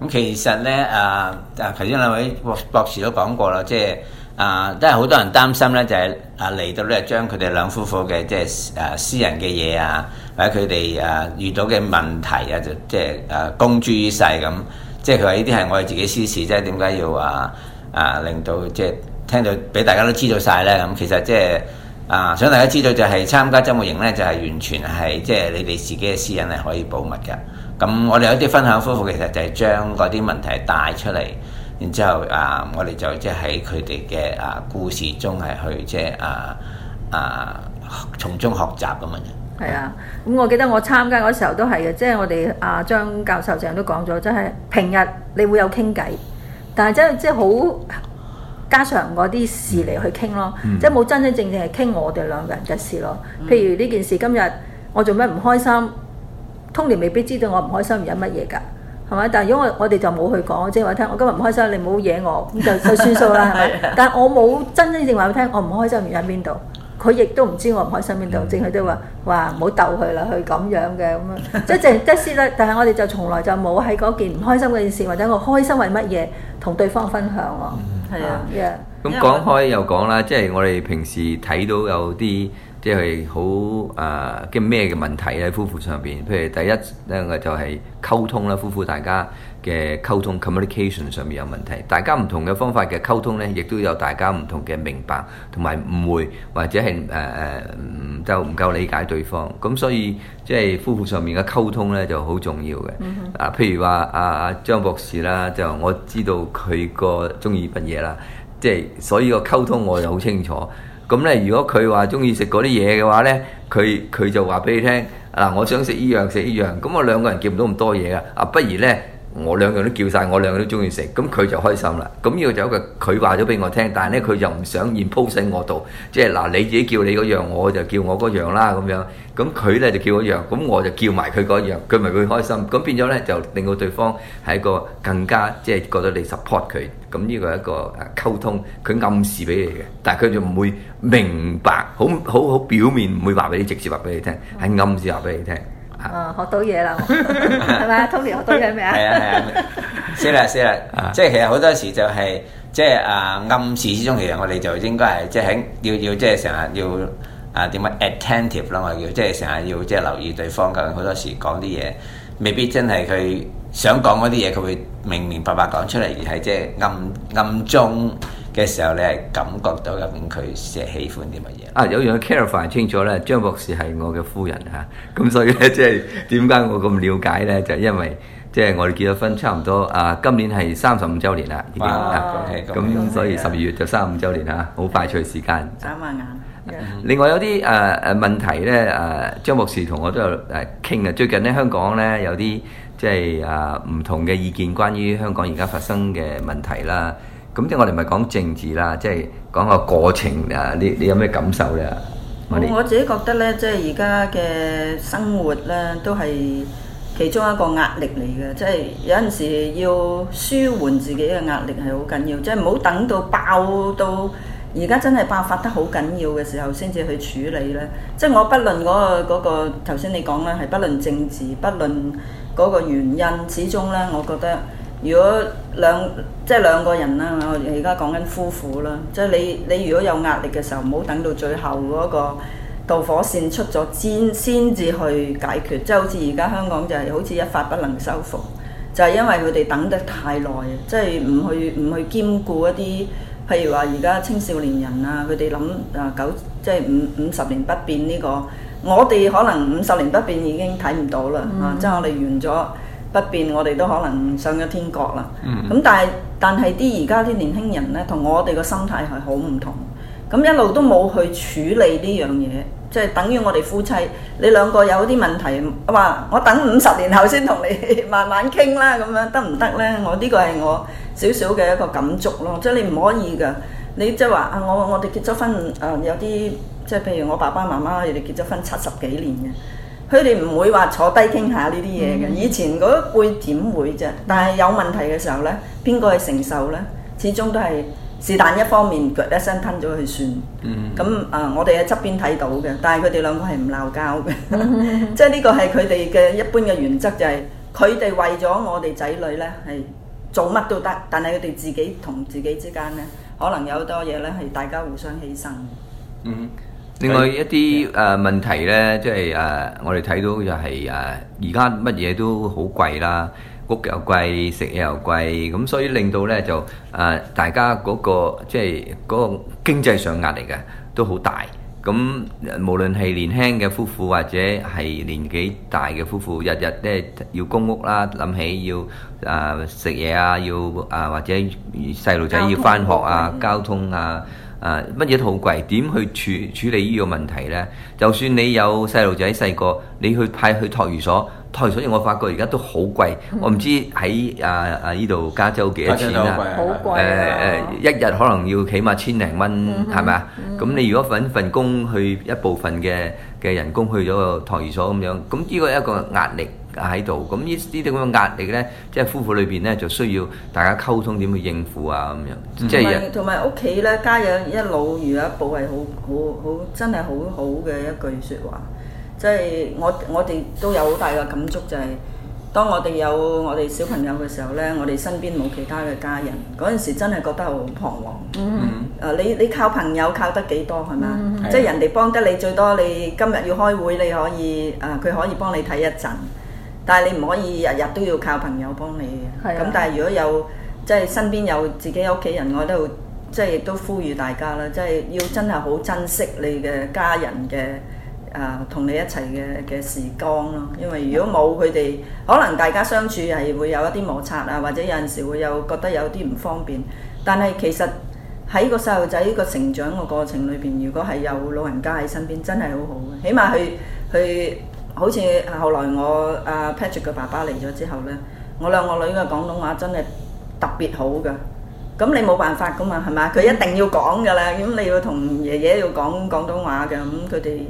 咁其實咧，啊啊頭先兩位博士都講過啦，即係啊，都係好多人擔心咧，就係啊嚟到咧，將佢哋兩夫婦嘅即係誒、呃、私人嘅嘢啊，或者佢哋誒遇到嘅問題啊，就即係誒公諸於世咁、嗯。即係佢話呢啲係我哋自己私事，即係點解要話啊令到即係聽到俾大家都知道晒咧？咁其實即係啊，想大家知道就係參加周末營咧，就係、是、完全係即係你哋自己嘅私隱係可以保密嘅。咁我哋有啲分享夫婦，其實就係將嗰啲問題帶出嚟，然之後啊，我哋就即係喺佢哋嘅啊故事中係去即係啊啊從中學習咁樣。係啊，咁我記得我參加嗰時候都係嘅，即係我哋啊張教授成日都講咗，即係平日你會有傾偈，但係真係即係好家常嗰啲事嚟去傾咯，嗯、即係冇真真正正係傾我哋兩個人嘅事咯。譬如呢件事今日我做咩唔開心？通年未必知道我唔開心原因乜嘢㗎，係咪？但係如果我我哋就冇去講，即係話聽我今日唔開心，你唔好惹我，咁就就算數啦，係嘛？ 但係我冇真真正正話佢聽，我唔開心原因邊度，佢亦都唔知我唔開心邊度，淨係都話話唔好鬥佢啦，佢咁樣嘅咁樣，即係即，即但係我哋就從來就冇喺嗰件唔開心嗰件事或者我開心為乜嘢同對方分享喎。係啊，咁講開又講啦，即係我哋平時睇到有啲。即係好啊，即咩嘅問題咧？夫婦上邊，譬如第一咧，我就係、是、溝通啦。夫婦大家嘅溝通 communication 上面有問題，大家唔同嘅方法嘅溝通呢，亦都有大家唔同嘅明白同埋誤會，或者係誒誒就唔夠理解對方。咁所以即係、就是、夫婦上面嘅溝通呢就好重要嘅。Mm hmm. 啊，譬如話阿阿張博士啦，就我知道佢個鍾意乜嘢啦，即係所以個溝通我就好清楚。咁咧，如果佢話鍾意食嗰啲嘢嘅話咧，佢佢就話畀你聽，嗱、啊，我想食呢樣食呢樣，咁我兩個人叫唔到咁多嘢噶，啊，不如咧。我兩樣都叫晒，我兩樣都中意食，咁佢就開心啦。咁呢個就一個，佢話咗俾我聽，但係呢，佢就唔想現鋪醒我度，即係嗱你自己叫你嗰樣，我就叫我嗰樣啦咁樣。咁佢呢就叫嗰樣，咁我就叫埋佢嗰樣，佢咪會開心。咁變咗呢，就令到對方係一個更加即係、就是、覺得你 support 佢。咁呢個係一個誒溝通，佢暗示俾你嘅，但係佢就唔會明白，好好好表面唔會話俾你，直接話俾你聽，係暗示話俾你聽。啊、哦！學到嘢啦，係咪啊？Tony 學到嘢未？啊？係啊係啊，識啦識啦，即係其實好多時就係即係啊暗示之中，其實我哋就應該係即係要要即係成日要啊點樣 attentive 啦，我要即係成日要即係留意對方，究竟好多時講啲嘢未必真係佢想講嗰啲嘢，佢會明明白白講出嚟，而係即係暗暗中。嘅時候，你係感覺到入面佢成日喜歡啲乜嘢啊？有樣 c a r e f i n e 清楚咧，張博士係我嘅夫人嚇，咁、啊、所以咧即係點解我咁了解咧？就係、是、因為即係、就是、我哋結咗婚差唔多啊，今年係三十五周年啦，已經咁所以十二月就三十五周年啦，好、啊、快脆時間眨下眼。的另外有啲誒誒問題咧誒、啊，張博士同我都有誒傾啊。最近咧香港咧有啲即係誒唔同嘅意見，關於香港而家發生嘅問題啦。咁即係我哋唔係講政治啦，即係講個過程啊！你你有咩感受咧？我，我自己覺得咧，即係而家嘅生活咧，都係其中一個壓力嚟嘅。即係有陣時要舒緩自己嘅壓力係好緊要，即係唔好等到爆到而家真係爆發得好緊要嘅時候先至去處理咧。即係我不論嗰個嗰個頭先你講啦，係不論政治，不論嗰個原因，始終咧，我覺得。如果兩即係兩個人啦，我而家講緊夫婦啦，即係你你如果有壓力嘅時候，唔好等到最後嗰個導火線出咗先先至去解決，即係好似而家香港就係好似一發不能收復，就係、是、因為佢哋等得太耐，即係唔去唔去兼顧一啲，譬如話而家青少年人啊，佢哋諗啊九即係五五十年不變呢、這個，我哋可能五十年不變已經睇唔到啦，嗯、啊，即係我哋完咗。不變，我哋都可能上咗天國啦。咁、嗯、但係，但係啲而家啲年輕人咧，我同我哋個心態係好唔同。咁一路都冇去處理呢樣嘢，即係等於我哋夫妻，你兩個有啲問題，話我等五十年後先同你 慢慢傾啦，咁樣得唔得咧？我呢、呢個係我少少嘅一個感觸咯。即係你唔可以噶，你即係話啊，我我哋結咗婚啊，有啲即係譬如我爸爸媽媽，你哋結咗婚七十幾年嘅。佢哋唔會話坐低傾下呢啲嘢嘅，mm hmm. 以前嗰輩點會啫？但係有問題嘅時候呢，邊個去承受呢？始終都係是但一方面，腳一聲吞咗去算。咁啊、mm hmm. 呃，我哋喺側邊睇到嘅，但係佢哋兩個係唔鬧交嘅，即係呢個係佢哋嘅一般嘅原則，就係佢哋為咗我哋仔女呢係做乜都得，但係佢哋自己同自己之間呢，可能有好多嘢呢係大家互相犧牲。嗯、mm。Hmm. 另外一啲誒問題呢，即係誒我哋睇到就係誒而家乜嘢都好貴啦，屋又貴，食嘢又貴，咁所以令到呢，就誒、啊、大家嗰、嗰個即係嗰個經濟上壓力嘅都好大。咁無論係年輕嘅夫婦或者係年紀大嘅夫婦，日日都係要供屋啦，諗起要誒食嘢啊，要誒、啊、或者細路仔要翻學啊，交通，交通啊。嗯。乜嘢、啊、都好貴，點去處處理呢個問題呢？就算你有細路仔細個，你去派去托兒所，托兒所以我發覺而家都好貴。我唔知喺啊啊呢度、啊啊啊、加州幾多錢啦、啊？好貴，一日可能要起碼千零蚊，係咪啊？咁你如果揾份工去一部分嘅嘅人工去咗個托兒所咁樣，咁呢個一個壓力。喺度咁呢啲咁嘅壓力呢，即係夫婦裏邊呢，就需要大家溝通點去應付啊咁樣，即係同埋屋企呢，家有一老，如有一寶，係好好好真係好好嘅一句説話。即、就、係、係、我我哋都有好大嘅感觸、就係，就係當我哋有我哋小朋友嘅時候呢，我哋身邊冇其他嘅家人，嗰陣時真係覺得好彷徨。嗯啊、你你靠朋友靠得幾多係咪？即係、嗯、人哋幫得你最多，你今日要開會，你可以誒佢、啊、可以幫你睇一陣。但係你唔可以日日都要靠朋友幫你嘅，咁的但係如果有即係、就是、身邊有自己屋企人，我都即係都呼籲大家啦，即、就、係、是、要真係好珍惜你嘅家人嘅啊同你一齊嘅嘅時光咯，因為如果冇佢哋，可能大家相處係會有一啲摩擦啊，或者有陣時會有覺得有啲唔方便，但係其實喺個細路仔個成長個過程裏邊，如果係有老人家喺身邊，真係好好嘅，起碼佢佢，去去好似後來我阿、uh, Patrick 嘅爸爸嚟咗之後呢，我兩個女嘅廣東話真係特別好噶。咁你冇辦法噶嘛？係咪？佢一定要講噶啦，咁你要同爺爺要講廣東話嘅，咁佢哋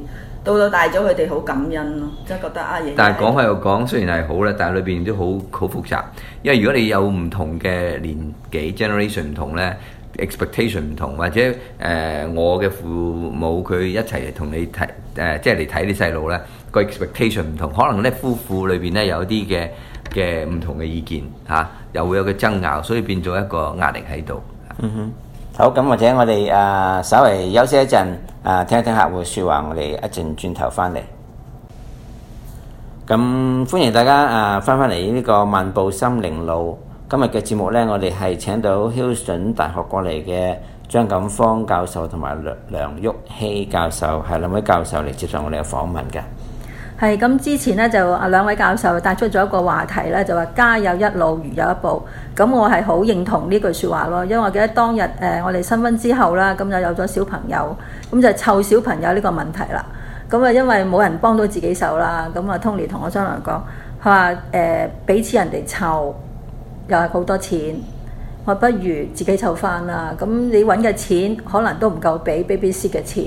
到到大咗，佢哋好感恩咯，即係覺得啊，爺爺。但係講開又講，雖然係好咧，但係裏邊都好好複雜，因為如果你有唔同嘅年紀、generation 唔同呢，expectation 唔同，或者誒、呃、我嘅父母佢一齊同你睇誒，即係嚟睇啲細路呢。個 expectation 唔同，可能咧夫婦裏邊咧有啲嘅嘅唔同嘅意見嚇、啊，又會有個爭拗，所以變咗一個壓力喺度。嗯哼，好咁，或者我哋啊稍為休息一陣啊，聽一聽客戶說話，我哋一陣轉頭翻嚟。咁歡迎大家啊，翻翻嚟呢個漫步心靈路。今日嘅節目呢，我哋係請到 Hilton 大學過嚟嘅張錦芳教授同埋梁旭熙教授，係兩、啊、位教授嚟接受我哋嘅訪問嘅。係咁，之前咧就啊兩位教授帶出咗一個話題咧，就話家有一老如有一寶。咁我係好認同呢句説話咯，因為我記得當日誒、呃、我哋新婚之後啦，咁就有咗小朋友，咁就湊小朋友呢個問題啦。咁啊，因為冇人幫到自己手啦，咁啊，Tony 同我商量講，佢話誒俾錢人哋湊又係好多錢，我不如自己湊翻啦。咁你揾嘅錢可能都唔夠俾 BBC 嘅錢，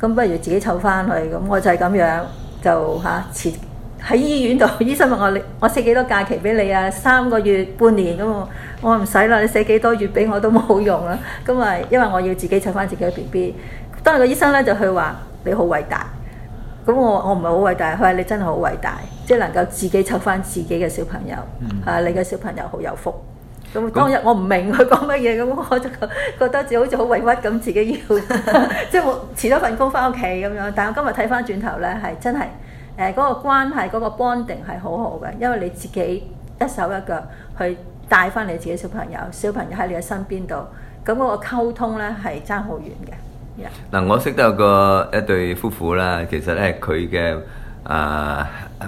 咁不如自己湊翻去。咁我就係咁樣。就吓、啊，前喺醫院度，醫生問我你，我寫幾多假期俾你啊？三個月、半年咁啊，我唔使啦，你寫幾多月俾我都冇用啊！咁啊，因為我要自己湊翻自己嘅 BB。當個醫生咧就佢話你好偉大，咁我，我唔係好偉大，佢話你真係好偉大，即係能夠自己湊翻自己嘅小朋友，嚇、嗯啊、你嘅小朋友好有福。咁那當日我唔明佢講乜嘢，咁那我就覺得自己好似好委屈咁，自己要即係 我辭咗份工翻屋企咁樣。但係我今日睇翻轉頭咧，係真係誒嗰個關係嗰個 bonding 係好好嘅，因為你自己一手一腳去帶翻你自己小朋友，小朋友喺你嘅身邊度，咁、那、嗰個溝通咧係爭好遠嘅。嗱、yeah. 呃，我識得個一對夫婦啦，其實咧佢嘅誒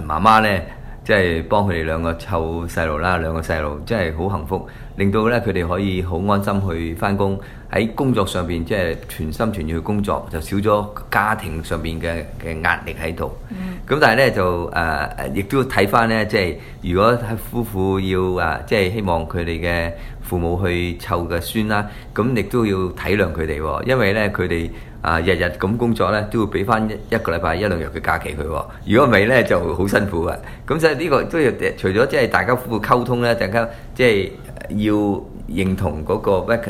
媽媽咧。即係幫佢哋兩個湊細路啦，兩個細路真係好幸福，令到咧佢哋可以好安心去返工。喺工作上邊，即係全心全意去工作，就少咗家庭上邊嘅嘅壓力喺度。咁、mm hmm. 但係咧就誒誒，亦、呃、都睇返咧，即、就、係、是、如果夫婦要啊，即、就、係、是、希望佢哋嘅父母去湊個孫啦，咁亦都要體諒佢哋喎，因為咧佢哋。啊！日日咁工作咧，都會俾翻一一個禮拜一兩日嘅假期佢喎。如果未咧，就好辛苦嘅。咁、嗯嗯、所以呢、呢個都要除咗即係大家互相溝通咧，大家即係要認同嗰、嗰個不誒誒誒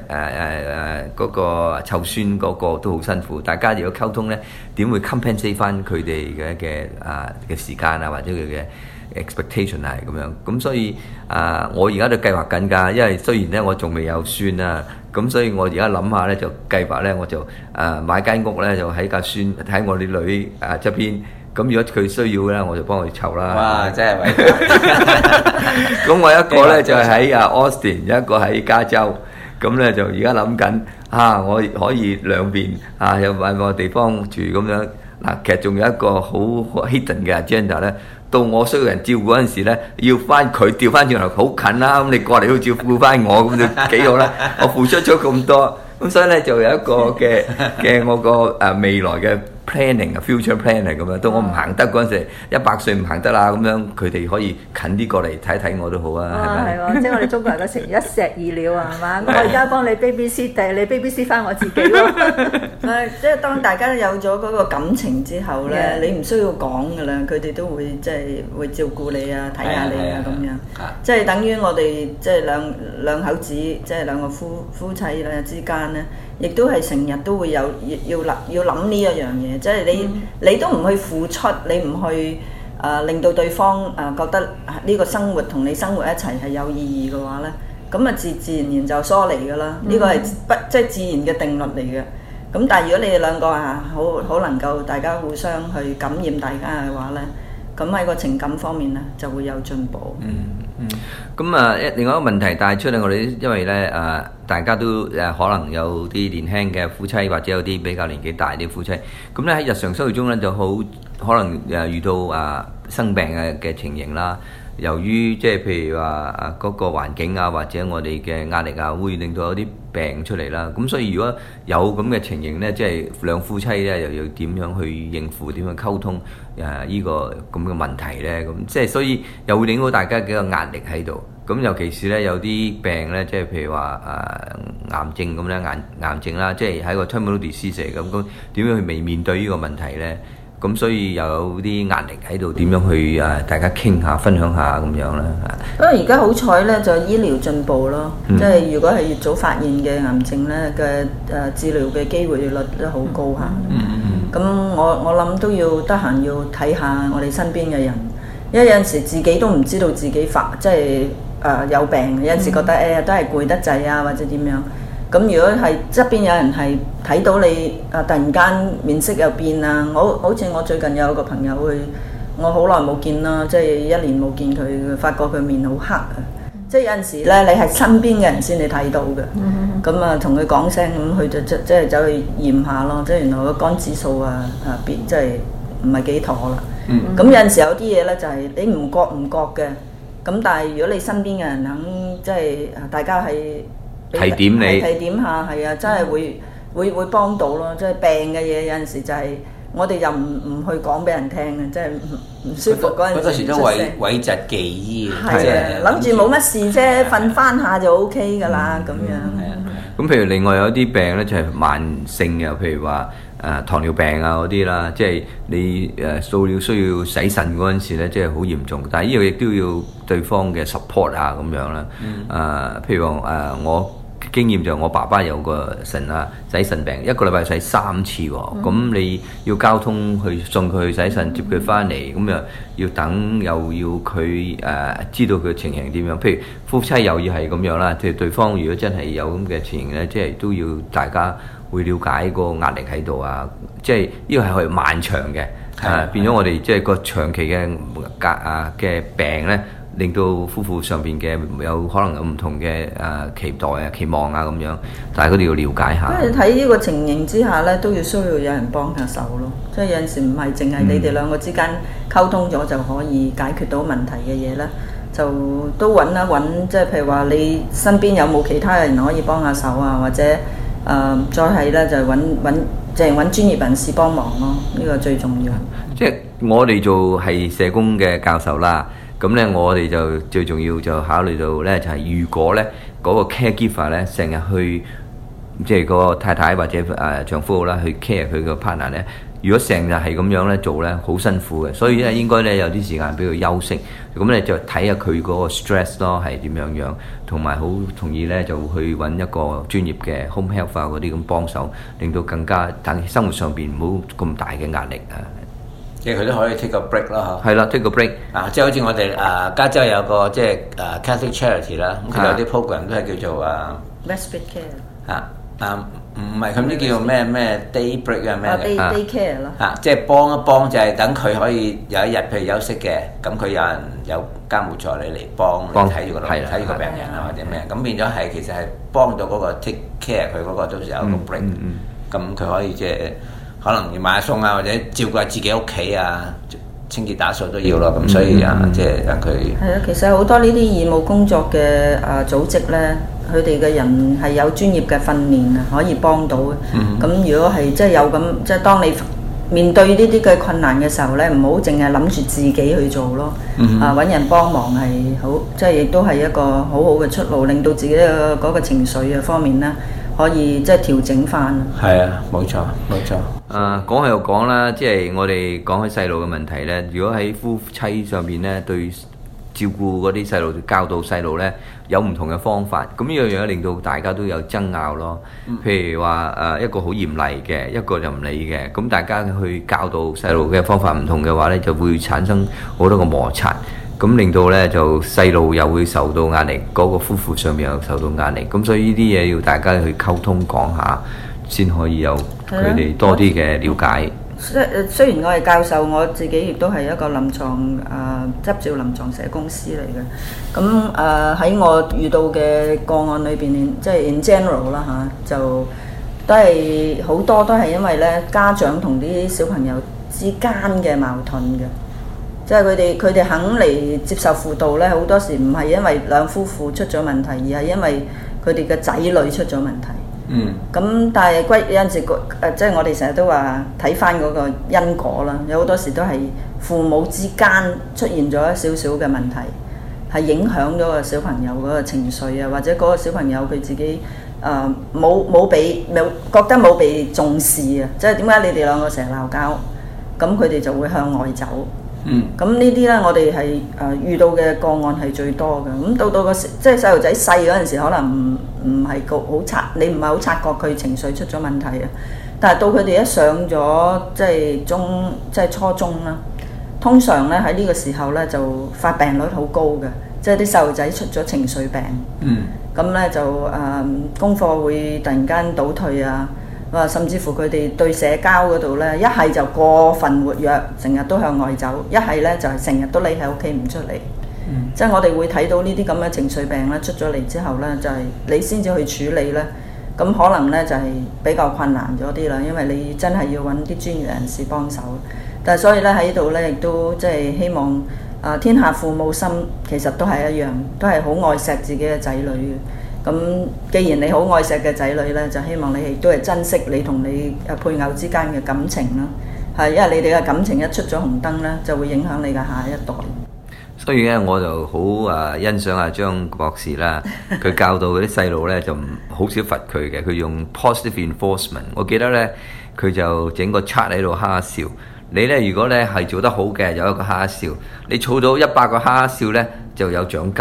嗰個籌算嗰個都好辛苦。大家如果溝通咧，點會 compensate 翻佢哋嘅嘅啊、呃、嘅時間啊，或者佢嘅 expectation 啊咁樣。咁所以啊、呃，我而家就計劃緊㗎，因為雖然咧我仲未有算啊。咁所以我而家諗下咧就計劃咧我就誒、啊、買間屋咧就喺架孫喺我啲女誒側邊，咁如果佢需要咧我就幫佢湊啦。哇！真係偉。咁 我一個咧就喺阿 Austin， 一個喺加州，咁咧就而家諗緊，嚇、啊、我可以兩邊嚇有揾個地方住咁樣。嗱、啊，其實仲有一個好 Hidden 嘅 agenda 咧。到我需要人照顧嗰陣時咧，要翻佢調翻轉頭好近啦、啊，咁你過嚟去照顧翻我咁 就幾好啦。我付出咗咁多，咁所以咧就有一個嘅 我個未來嘅。Planning 啊，future planning 咁樣，到我唔行得嗰陣時，一百歲唔行得啦，咁樣佢哋可以近啲過嚟睇睇我都好啊，係咪？即係、啊就是、我哋中國人都成一石二鳥啊，係嘛？ 我而家幫你 B B C 你 B B C 翻我自己咯。即係當大家有咗嗰個感情之後咧，Yeah. 你唔需要講噶啦，佢哋都會即係、就是、會照顧你啊，睇下你啊咁、yeah, yeah , yeah. 樣。即、就、係、是、等於我哋即係兩兩口子，即、就、係、是、兩個夫夫妻兩之間咧。亦都係成日都會有要要諗呢一樣嘢，即係你、嗯、你都唔去付出，你唔去誒、呃、令到對方誒、呃、覺得呢個生活同你生活一齊係有意義嘅話呢，咁啊自自然然就疏離噶啦。呢、呢個係不即係、嗯、自然嘅定律嚟嘅。咁但係如果你哋兩個啊好好，好能夠大家互相去感染大家嘅話呢，咁喺個情感方面呢，就會有進步。嗯咁啊，一、嗯、另外一個問題帶出嚟，我哋因為咧啊、呃，大家都誒可能有啲年輕嘅夫妻，或者有啲比較年紀大啲夫妻，咁咧喺日常生活中咧就好可能誒遇到啊、呃、生病嘅嘅情形啦。由於即係譬如話啊嗰個環境啊，或者我哋嘅壓力啊，會令到有啲病出嚟啦。咁所以如果有咁嘅情形呢，即係兩夫妻呢，又要點樣去應付、點樣溝通誒？依、啊這個咁嘅問題呢？咁即係所以又會令到大家幾個壓力喺度。咁尤其是呢，有啲病呢，即係譬如話誒、啊、癌症咁咧，癌癌症啦，即係喺個 terminal disease 咁，點樣去未面對呢個問題呢？咁所以有啲壓力喺度，點樣去誒大家傾下、分享下咁樣啦嚇。不過而家好彩咧，就醫療進步咯，嗯、即係如果係越早發現嘅癌症咧嘅誒治療嘅機會率都好高下咁、嗯嗯、我我諗都要得閒要睇下我哋身邊嘅人，因為有陣時自己都唔知道自己發，即係誒、呃、有病。有陣時覺得誒、嗯哎、都係攰得滯啊，或者點樣？咁如果係側邊有人係睇到你啊，突然間面色又變啊！我好似我最近有個朋友會，我好耐冇見啦，即、就、係、是、一年冇見佢，發覺佢面好黑、就是、嗯嗯啊！即係、嗯嗯、有陣時咧、就是，你係身邊嘅人先至睇到嘅。咁啊，同佢講聲，咁佢就即即係走去驗下咯。即係原來個肝指數啊啊，即係唔係幾妥啦。咁有陣時有啲嘢咧，就係你唔覺唔覺嘅。咁但係如果你身邊嘅人肯，即係大家係。提點你，提點下，係啊，真係會、嗯、會會、會幫到咯。即係病嘅嘢，有陣時就係我哋又唔唔去講俾人聽嘅，即係唔舒服嗰陣都時都、時都諱諱疾忌醫嘅，即係諗住冇乜事啫，瞓翻、嗯、下就 O K 噶啦咁樣。係啊、嗯，咁、嗯嗯、譬如另外有一啲病咧，就係、是、慢性嘅，譬如話。誒、啊、糖尿病啊嗰啲啦，即係你誒到了需要洗腎嗰陣時咧，即係好嚴重。但係呢個亦都要對方嘅 support 啊咁樣啦。誒、嗯啊，譬如話誒、呃，我經驗就我爸爸有個腎啊，洗腎病一個禮拜洗三次喎、喔。咁、嗯、你要交通去送佢去洗腎，接佢返嚟，咁、嗯、又要等，又要佢誒知道佢情形點樣。譬如夫妻又要係咁樣啦，即係對方如果真係有咁嘅情形咧，即係都要大家。會了解個壓力喺度啊，即係呢個係可以漫長嘅，啊變咗我哋即係個長期嘅格啊嘅病咧，令到夫婦上邊嘅有可能有唔同嘅誒期待啊、期望啊咁樣，但係佢哋要了解下。因為睇呢個情形之下咧，都要需要有人幫下手咯，即係有陣時唔係淨係你哋兩個之間溝通咗就可以解決到問題嘅嘢啦，嗯、就都揾一揾，即係譬如話你身邊有冇其他人可以幫下手啊，或者？誒、呃，再係咧就揾揾，淨揾、就是、專業人士幫忙咯，呢、這個最重要。即係我哋做係社工嘅教授啦，咁咧我哋就最重要就考慮到咧，就係、是、如果咧嗰、那個 care giver 咧成日去，即係個太太或者誒丈夫啦去 care 佢個 partner 咧。如果成日係咁樣咧做咧，好辛苦嘅，所以咧應該咧有啲時間俾佢休息。咁咧就睇下佢嗰個 stress 咯，係點樣樣，同埋好同意咧就去搵一個專業嘅 home health 嗰啲咁幫手，令到更加等生活上面唔好咁大嘅壓力啊。即係佢都可以 take 個 break 啦，嚇。係啦，take 個 break 啊！即係好似我哋啊加州有個即係啊 Catholic Charity 啦、啊，咁佢有啲 program 都係叫做啊 respite care 啊啊。唔係咁啲叫做咩咩 day break 啊咩 day day care 咯，啊即係幫一幫，就係等佢可以有一日譬如休息嘅，咁佢有人有監護助理嚟幫嚟睇住個老，睇住個病人啊或者咩，咁變咗係其實係幫到嗰個 take care 佢嗰個都有個 break，咁佢可以即係可能要買下餸啊，或者照顧下自己屋企啊，清潔打掃都要咯，咁所以啊即係等佢係啊，其實好多呢啲義務工作嘅啊組織咧，佢哋嘅人係有專業嘅訓練啊，可以幫到嘅。咁、嗯、哼如果係即係有咁，即係當你面對呢啲嘅困難嘅時候呢，唔好淨係諗住自己去做咯。嗯、哼啊，揾人幫忙係好，即係亦都係一個好好嘅出路，令到自己嘅嗰個情緒嘅方面呢，可以即係調整翻。係啊，冇錯冇錯。啊，講又講啦，即係我哋講起細路嘅問題呢，如果喺夫妻上面呢，對。照顧嗰啲細路，教導細路呢，有唔同嘅方法，咁呢樣嘢令到大家都有爭拗咯。譬如話誒一個好嚴厲嘅，一個就唔理嘅，咁大家去教導細路嘅方法唔同嘅話呢，就會產生好多個摩擦，咁令到呢，就細路又會受到壓力，嗰個夫婦上面又受到壓力，咁所以呢啲嘢要大家去溝通講下，先可以有佢哋多啲嘅了解。雖誒雖然我係教授，我自己亦都係一個臨床誒、啊、執照臨床社公司嚟嘅。咁誒喺我遇到嘅個案裏邊，即係 in general 啦、啊、嚇，就都係好多都係因為咧家長同啲小朋友之間嘅矛盾嘅。即係佢哋佢哋肯嚟接受輔導咧，好多時唔係因為兩夫婦出咗問題，而係因為佢哋嘅仔女出咗問題。嗯，咁但係骨有陣時骨誒，即係我哋成日都話睇返嗰個因果啦。有好多時都係父母之間出現咗一少少嘅問題，係影響咗個小朋友嗰個情緒啊，或者嗰個小朋友佢自己誒冇冇俾冇覺得冇被重視啊。即係點解你哋兩個成日鬧交？咁佢哋就會向外走。嗯，咁呢啲咧，我哋係誒遇到嘅個案係最多嘅。咁到到個即係細路仔細嗰陣時，可能唔唔係好察，你唔係好察覺佢情緒出咗問題啊！但係到佢哋一上咗，即係中，即係初中啦，通常咧喺呢個時候咧就發病率好高嘅，即係啲細路仔出咗情緒病。嗯，咁咧就誒、呃、功課會突然間倒退啊，話甚至乎佢哋對社交嗰度咧一係就過分活躍，成日都向外走；一係咧就係成日都匿喺屋企唔出嚟。嗯、即係我哋會睇到這這呢啲咁嘅情緒病呢出咗嚟之後呢，就係、是、你先至去處理呢咁可能呢，就係、是、比較困難咗啲啦，因為你真係要揾啲專業人士幫手。但係所以呢，喺度呢，亦都即係希望啊、呃、天下父母心，其實都係一樣，都係好愛錫自己嘅仔女嘅。咁既然你好愛錫嘅仔女呢，就希望你亦都係珍惜你同你配偶之間嘅感情咯。係因為你哋嘅感情一出咗紅燈呢，就會影響你嘅下一代。所以咧，我就好啊，欣賞阿張博士啦。佢教導嗰啲細路咧，就唔好少罰佢嘅。佢用 positive enforcement，我記得咧，佢就整個 chart 喺度哈哈笑。你咧如果咧係做得好嘅，有一個哈哈笑。你儲到一百個哈哈笑咧，就有獎金。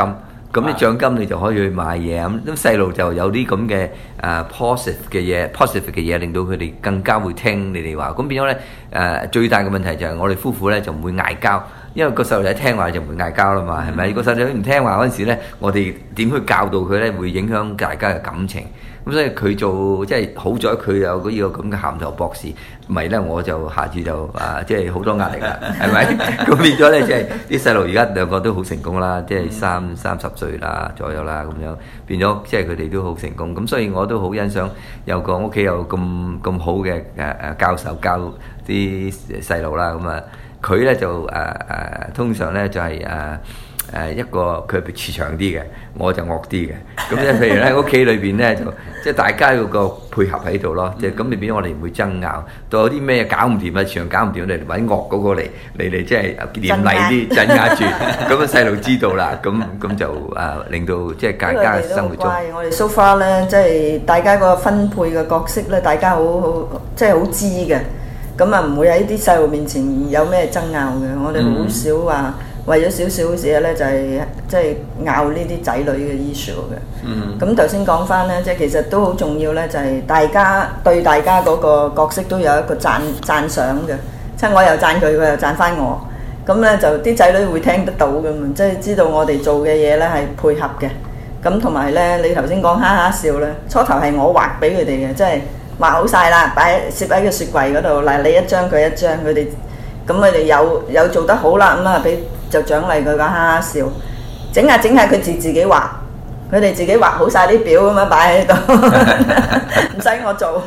咁你獎金你就可以去買嘢咁。咁細路就有啲咁嘅啊 positive 嘅嘢，positive 嘅嘢令到佢哋更加會聽你哋話。咁變咗咧，誒、啊、最大嘅問題就係我哋夫婦咧就唔會嗌交。因為個細路仔聽話就唔會嗌交啦嘛，係咪？嗯、如果細路仔唔聽話嗰陣時咧，我哋點去教導佢呢？會影響大家嘅感情。咁所以佢做即係好彩佢有呢個咁嘅銜頭博士，唔係咧我就下次就啊，即係好多壓力啦，係咪？咁 變咗呢，即係啲細路而家兩個都好成功啦，即係三三十、嗯、歲啦左右啦咁樣，變咗即係佢哋都好成功。咁所以我都好欣賞有個屋企有咁咁好嘅誒誒教授教啲細路啦咁啊。佢咧就誒誒、啊啊，通常咧就係誒誒一個佢比較慈祥啲嘅，我就惡啲嘅。咁即係譬如咧，屋企裏邊咧就即、是、係大家個配合喺度咯。即係咁，未必我哋唔會爭拗。到有啲咩搞唔掂、就是、震盼 啊，慈祥搞唔掂，你哋揾惡嗰個嚟，你哋即係嚴厲啲鎮壓住。咁啊，細路知道啦。咁咁就誒令到即係大家生活中。我哋 so far 咧，即係大家個分配嘅角色咧，大家好好即係好知嘅。咁啊，唔會喺啲細路面前有咩爭拗嘅。我哋好少話、mm hmm. 為咗少少嘢咧，就係即係拗呢啲仔女嘅 issue 嘅。咁頭先講翻咧，即、hmm. 係、就是、其實都好重要咧，就係、是、大家對大家嗰個角色都有一個讚讚賞嘅。即、就、係、是、我又讚佢，佢又讚翻我。咁咧就啲仔女會聽得到嘅嘛，即、就、係、是、知道我哋做嘅嘢咧係配合嘅。咁同埋咧，你頭先講哈哈笑咧，初頭係我畫俾佢哋嘅，即係。畫好晒啦，擺攝喺個雪櫃嗰度。嗱，你一張佢一張，佢哋咁，佢哋有有做得好啦，咁啊俾就獎勵佢個哈哈笑。整下整下佢自自己畫，佢哋自己畫好晒啲表咁樣擺喺度，唔使 我做。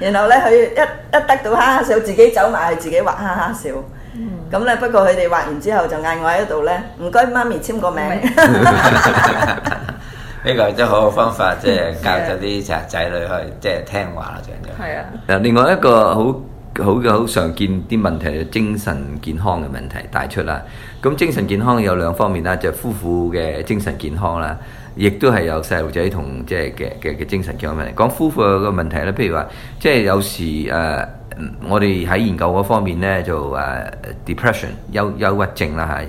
然後呢，佢一一得到哈哈笑，自己走埋去自己畫哈哈笑。咁、嗯、呢，不過佢哋畫完之後就嗌我喺度呢。唔該媽咪簽個名。 呢個真係好好方法，即係教咗啲仔仔女去，即係聽話啦，最緊要。係啊。嗱，另外一個好好嘅好常見啲問題，就精神健康嘅問題帶出啦。咁精神健康有兩方面啦，就係夫婦嘅精神健康啦，亦都係有細路仔同即係嘅嘅嘅精神健康問題。講夫婦嘅問題咧，譬如話，即係有時誒、呃，我哋喺研究嗰方面咧，就誒、呃、depression 憂憂鬱症啦，係。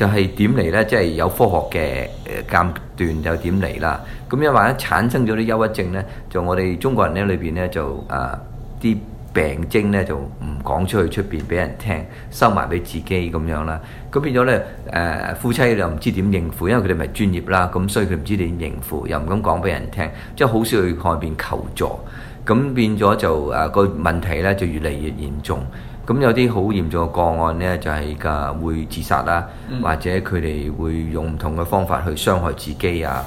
就係點嚟呢？即係有科學嘅誒鑑斷就點嚟啦。咁因為萬一產生咗啲憂鬱症呢，就我哋中國人呢，裏邊呢，就誒啲病徵呢，就唔講出去出邊俾人聽，收埋俾自己咁樣啦。咁變咗呢，誒夫妻又唔知點應付，因為佢哋唔係專業啦，咁所以佢唔知點應付，又唔敢講俾人聽，即係好少去外邊求助。咁變咗就誒個問題呢，就越嚟越嚴重。咁有啲好嚴重嘅個案呢，就係、是、嘅會自殺啦，嗯、或者佢哋會用唔同嘅方法去傷害自己啊。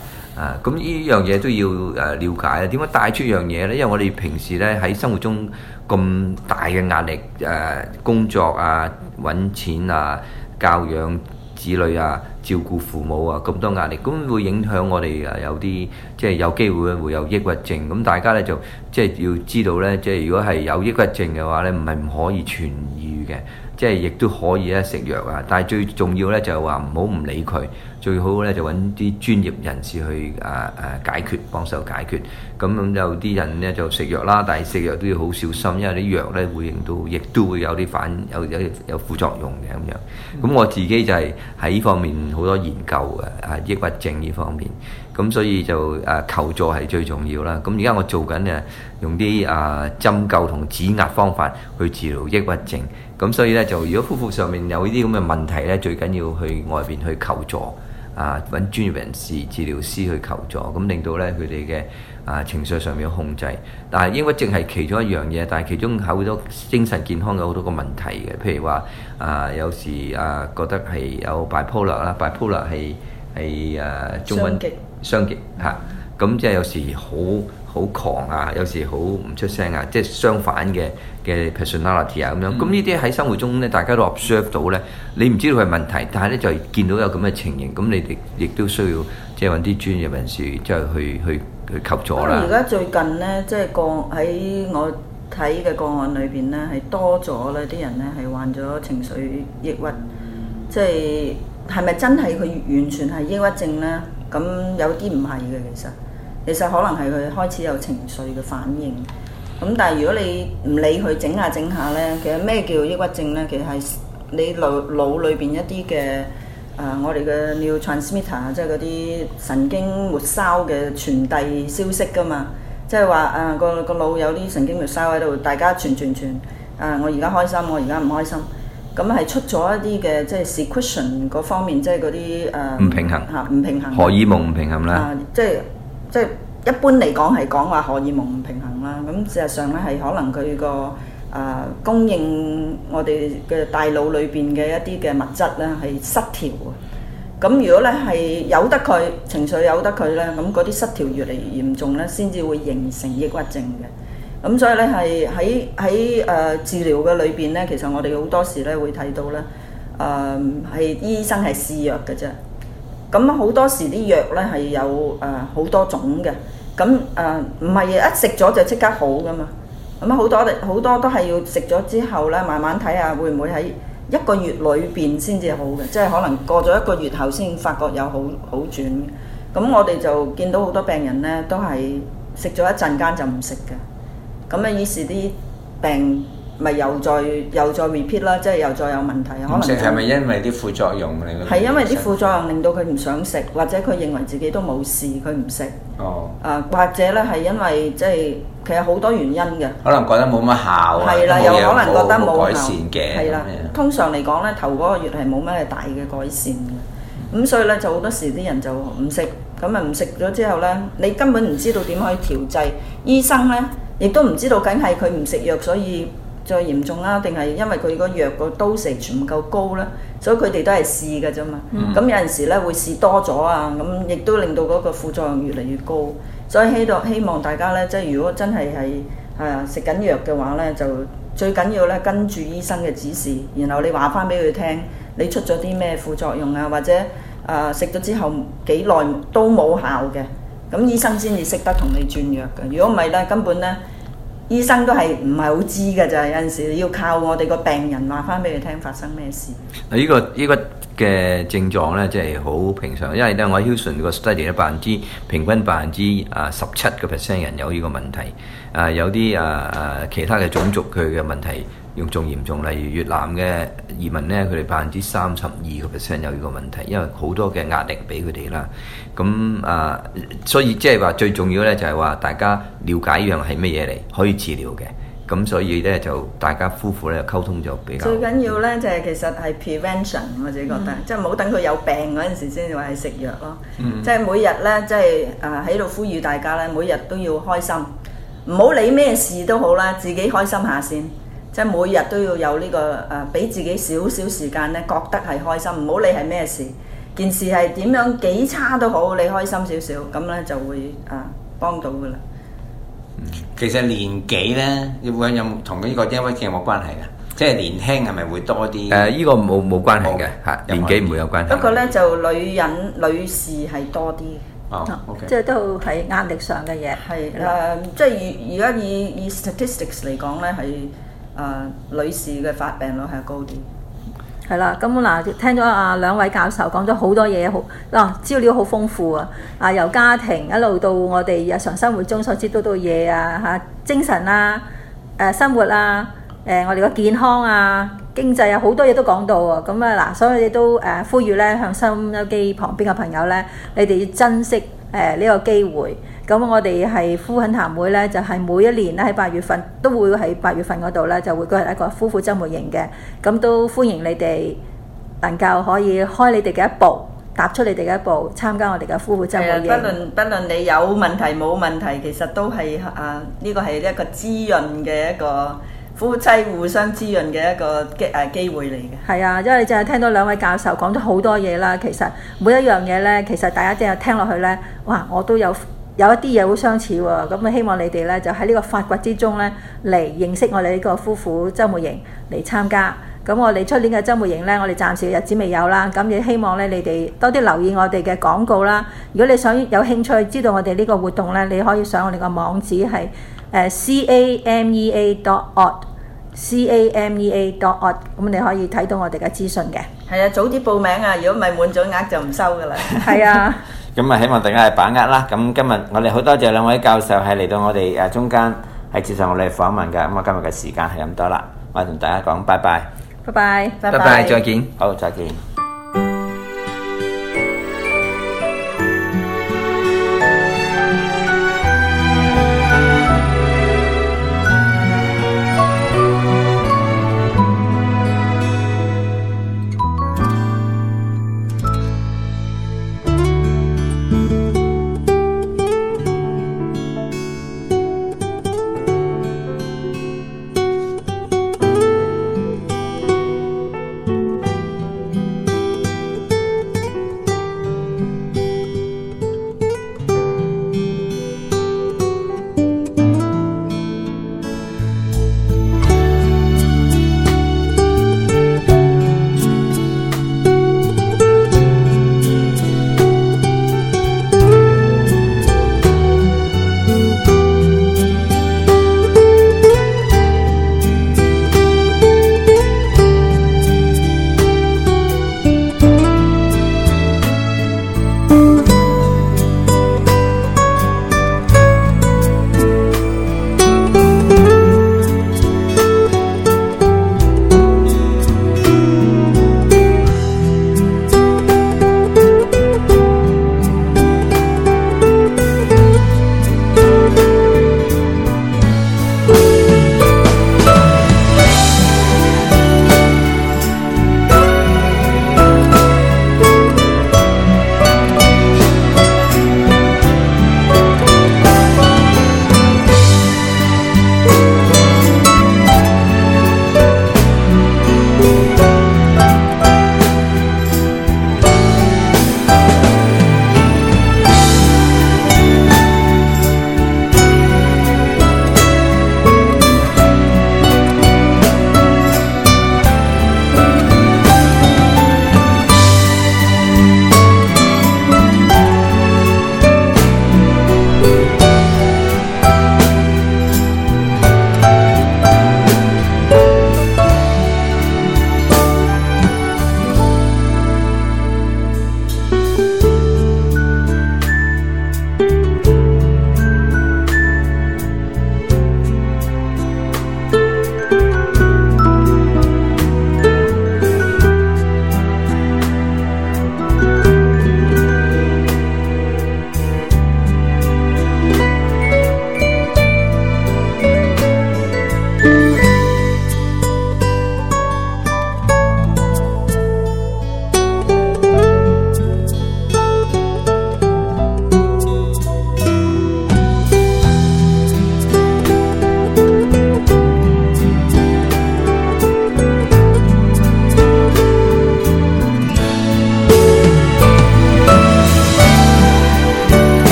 咁呢樣嘢都要誒了解。點解帶出樣嘢呢？因為我哋平時呢，喺生活中咁大嘅壓力，誒、啊、工作啊、揾錢啊、教養，子女啊，照顧父母啊，咁多壓力，咁會影響我哋啊，有啲即係有機會會有抑鬱症。咁大家呢，就即係要知道呢，即係如果係有抑鬱症嘅話呢，唔係唔可以痊癒嘅，即係亦都可以咧食藥啊。但係最重要呢，就係話唔好唔理佢。最好咧就揾啲專業人士去啊啊解決，幫手解決。咁咁有啲人呢，就食藥啦，但係食藥都要好小心，因為啲藥呢會令到亦都會有啲反有有有，有副作用嘅咁樣。咁我自己就係喺呢方面好多研究嘅啊，抑鬱症呢方面。咁所以就啊求助係最重要啦。咁而家我在做緊嘅用啲啊針灸同指壓方法去治療抑鬱症。咁所以呢，就如果夫婦上面有呢啲咁嘅問題呢，最緊要去外邊去求助。啊！揾專業人士治療師去求助，咁令到呢佢哋嘅啊情緒上面控制。但係應該淨係其中一樣嘢，但係其中好多精神健康嘅好多個問題嘅，譬如話啊，有時啊覺得係有 bipolar 啦，bipolar 係係誒、啊、中文極雙極嚇，咁即係有時好。好狂啊！有時好唔出聲啊，即係相反嘅嘅 personality 啊咁樣。咁呢啲喺生活中咧，大家都 observe 到咧。你唔知道佢係問題，但係咧就見到有咁嘅情形。咁你哋亦都需要即係搵啲專業人士即係去去去求助啦。而家最近咧，即係個喺我睇嘅個案裏邊咧，係多咗啦。啲人咧係患咗情緒抑鬱，即係係咪真係佢完全係抑鬱症咧？咁有啲唔係嘅其實。其實可能係佢開始有情緒嘅反應，咁、嗯、但係如果你唔理佢整下整下咧，其實咩叫抑鬱症咧？其實係你腦腦裏邊一啲嘅誒，我哋嘅 neurotransmitter，即係嗰啲神經末梢嘅傳遞消息噶嘛，即係話誒個個腦有啲神經末梢喺度，大家傳傳傳，誒、呃、我而家開心，我而家唔開心，咁、嗯、係出咗一啲嘅即係 secretion 嗰方面，即係嗰啲誒唔平衡嚇，唔、呃、平衡，荷爾蒙唔平衡啦、啊，即係。即係一般嚟講係講話荷爾蒙唔平衡啦，咁事實上咧係可能佢個誒供應我哋嘅大腦裏邊嘅一啲嘅物質咧係失調，咁如果咧係由得佢情緒由得佢咧，咁嗰啲失調越嚟越嚴重咧，先至會形成抑鬱症嘅。咁所以咧係喺喺誒治療嘅裏邊咧，其實我哋好多時咧會睇到咧，誒、呃、係醫生係試藥嘅啫。咁好多時啲藥咧係有誒好多種嘅，咁誒唔係一食咗就即刻好噶嘛。咁啊好多好多都係要食咗之後咧，慢慢睇下會唔會喺一個月裏邊先至好嘅，即係可能過咗一個月後先發覺有好好轉。咁我哋就見到好多病人咧，都係食咗一陣間就唔食嘅，咁咧於是啲病。咪又再又再 repeat 啦，即係又再有問題。嗯、可能唔食係咪因為啲副作用嚟？係因為啲副作用令到佢唔想食，或者佢認為自己都冇事，佢唔食。哦。誒、啊，或者咧係因為即係、就是、其實好多原因嘅。可能覺得冇乜效啊。係啦的，有又可能覺得冇、哦、改善嘅。係啦的，樣通常嚟講咧，頭嗰個月係冇乜大嘅改善嘅。咁、嗯、所以咧就好多時啲人就唔食，咁啊唔食咗之後咧，你根本唔知道點可以調劑。醫生咧亦都唔知道，梗係佢唔食藥，所以。再嚴重啦，定係因為佢個藥個 dose 全唔夠高咧，所以佢哋都係試嘅啫嘛。咁、mm hmm. 有陣時咧會試多咗啊，咁亦都令到嗰個副作用越嚟越高。所以喺希望大家咧，即係如果真係係誒食緊藥嘅話咧，就最緊要咧跟住醫生嘅指示，然後你話翻俾佢聽，你出咗啲咩副作用啊，或者誒食咗之後幾耐都冇效嘅，咁醫生先至識得同你轉藥嘅。如果唔係咧，根本咧。醫生都係唔係好知㗎就係有陣時要靠我哋個病人話翻俾你聽發生咩事。呢個呢個嘅症狀呢，即係好平常，因為呢，我喺 Hilson 個 study 咧，百分之平均百分之啊十七個 percent 人有呢個問題。啊，有啲啊啊其他嘅種族佢嘅問題。用仲嚴重，例如越南嘅移民咧，佢哋百分之三十二個 percent 有呢個問題，因為好多嘅壓力俾佢哋啦。咁啊、呃，所以即係話最重要咧，就係話大家了解一樣係乜嘢嚟，可以治療嘅。咁所以咧，就大家夫婦咧溝通就比較。最緊要咧就係、是、其實係 prevention，我自己覺得，即係唔好等佢有病嗰陣時先至話係食藥咯。即係、嗯、每日咧，即係啊喺度呼籲大家咧，每日都要開心，唔好理咩事都好啦，自己開心下先。即係每日都要有呢個誒，俾自己少少時間咧，覺得係開心，唔好理係咩事。件事係點樣幾差都好，你開心少少咁咧，就會誒幫到噶啦。嗯，其實年紀咧，會有同呢個憂鬱症有冇關係啊？即係年輕係咪會多啲？誒，呢個冇冇關係嘅嚇，年紀唔會有關係。不過咧，就女人女士係多啲。哦，O K，即係都係壓力上嘅嘢。係誒，即係如如果以以 statistics 嚟講咧，係。誒、呃，女士嘅發病率係高啲，係啦。咁、嗯、嗱，聽咗啊兩位教授講咗好多嘢，好嗱資料好豐富啊。啊，由家庭一路到我哋日、啊、常生活中所接觸到嘢啊，吓、啊、精神啊，誒、啊、生活啊，誒、啊、我哋嘅健康啊、經濟啊，好多嘢都講到啊。咁啊嗱，所以都誒、啊、呼籲咧，向收音機旁邊嘅朋友咧，你哋要珍惜。誒，呢個機會，咁我哋係夫婦談會呢，就係每一年咧喺八月份都會喺八月份嗰度呢，就會舉一個夫婦周末營嘅，咁都歡迎你哋能夠可以開你哋嘅一步，踏出你哋嘅一步，參加我哋嘅夫婦周末營。不論無論你有問題冇問題，其實都係啊，呢個係一個滋潤嘅一個。夫妻互相滋潤嘅一個機啊機會嚟嘅，係啊，因為你淨係聽到兩位教授講咗好多嘢啦。其實每一樣嘢呢，其實大家即係聽落去呢，哇！我都有有一啲嘢好相似喎。咁啊，希望你哋呢，就喺呢個發掘之中呢，嚟認識我哋呢個夫婦周末營嚟參加。咁我哋出年嘅周末營呢，我哋暫時嘅日子未有啦。咁亦希望呢，你哋多啲留意我哋嘅廣告啦。如果你想有興趣知道我哋呢個活動呢，你可以上我哋個網址係。誒 CAMEA dot org CAMEA dot org，咁你可以睇到我哋嘅資訊嘅。係啊，早啲報名啊，如果唔係滿咗額就唔收噶啦。係啊。咁啊，希望大家係把握啦。咁今日我哋好多謝兩位教授係嚟到我哋誒中間係接受我哋訪問嘅。咁啊，今日嘅時間係咁多啦，我同大家講拜拜。拜拜，拜拜，再見。好，再見。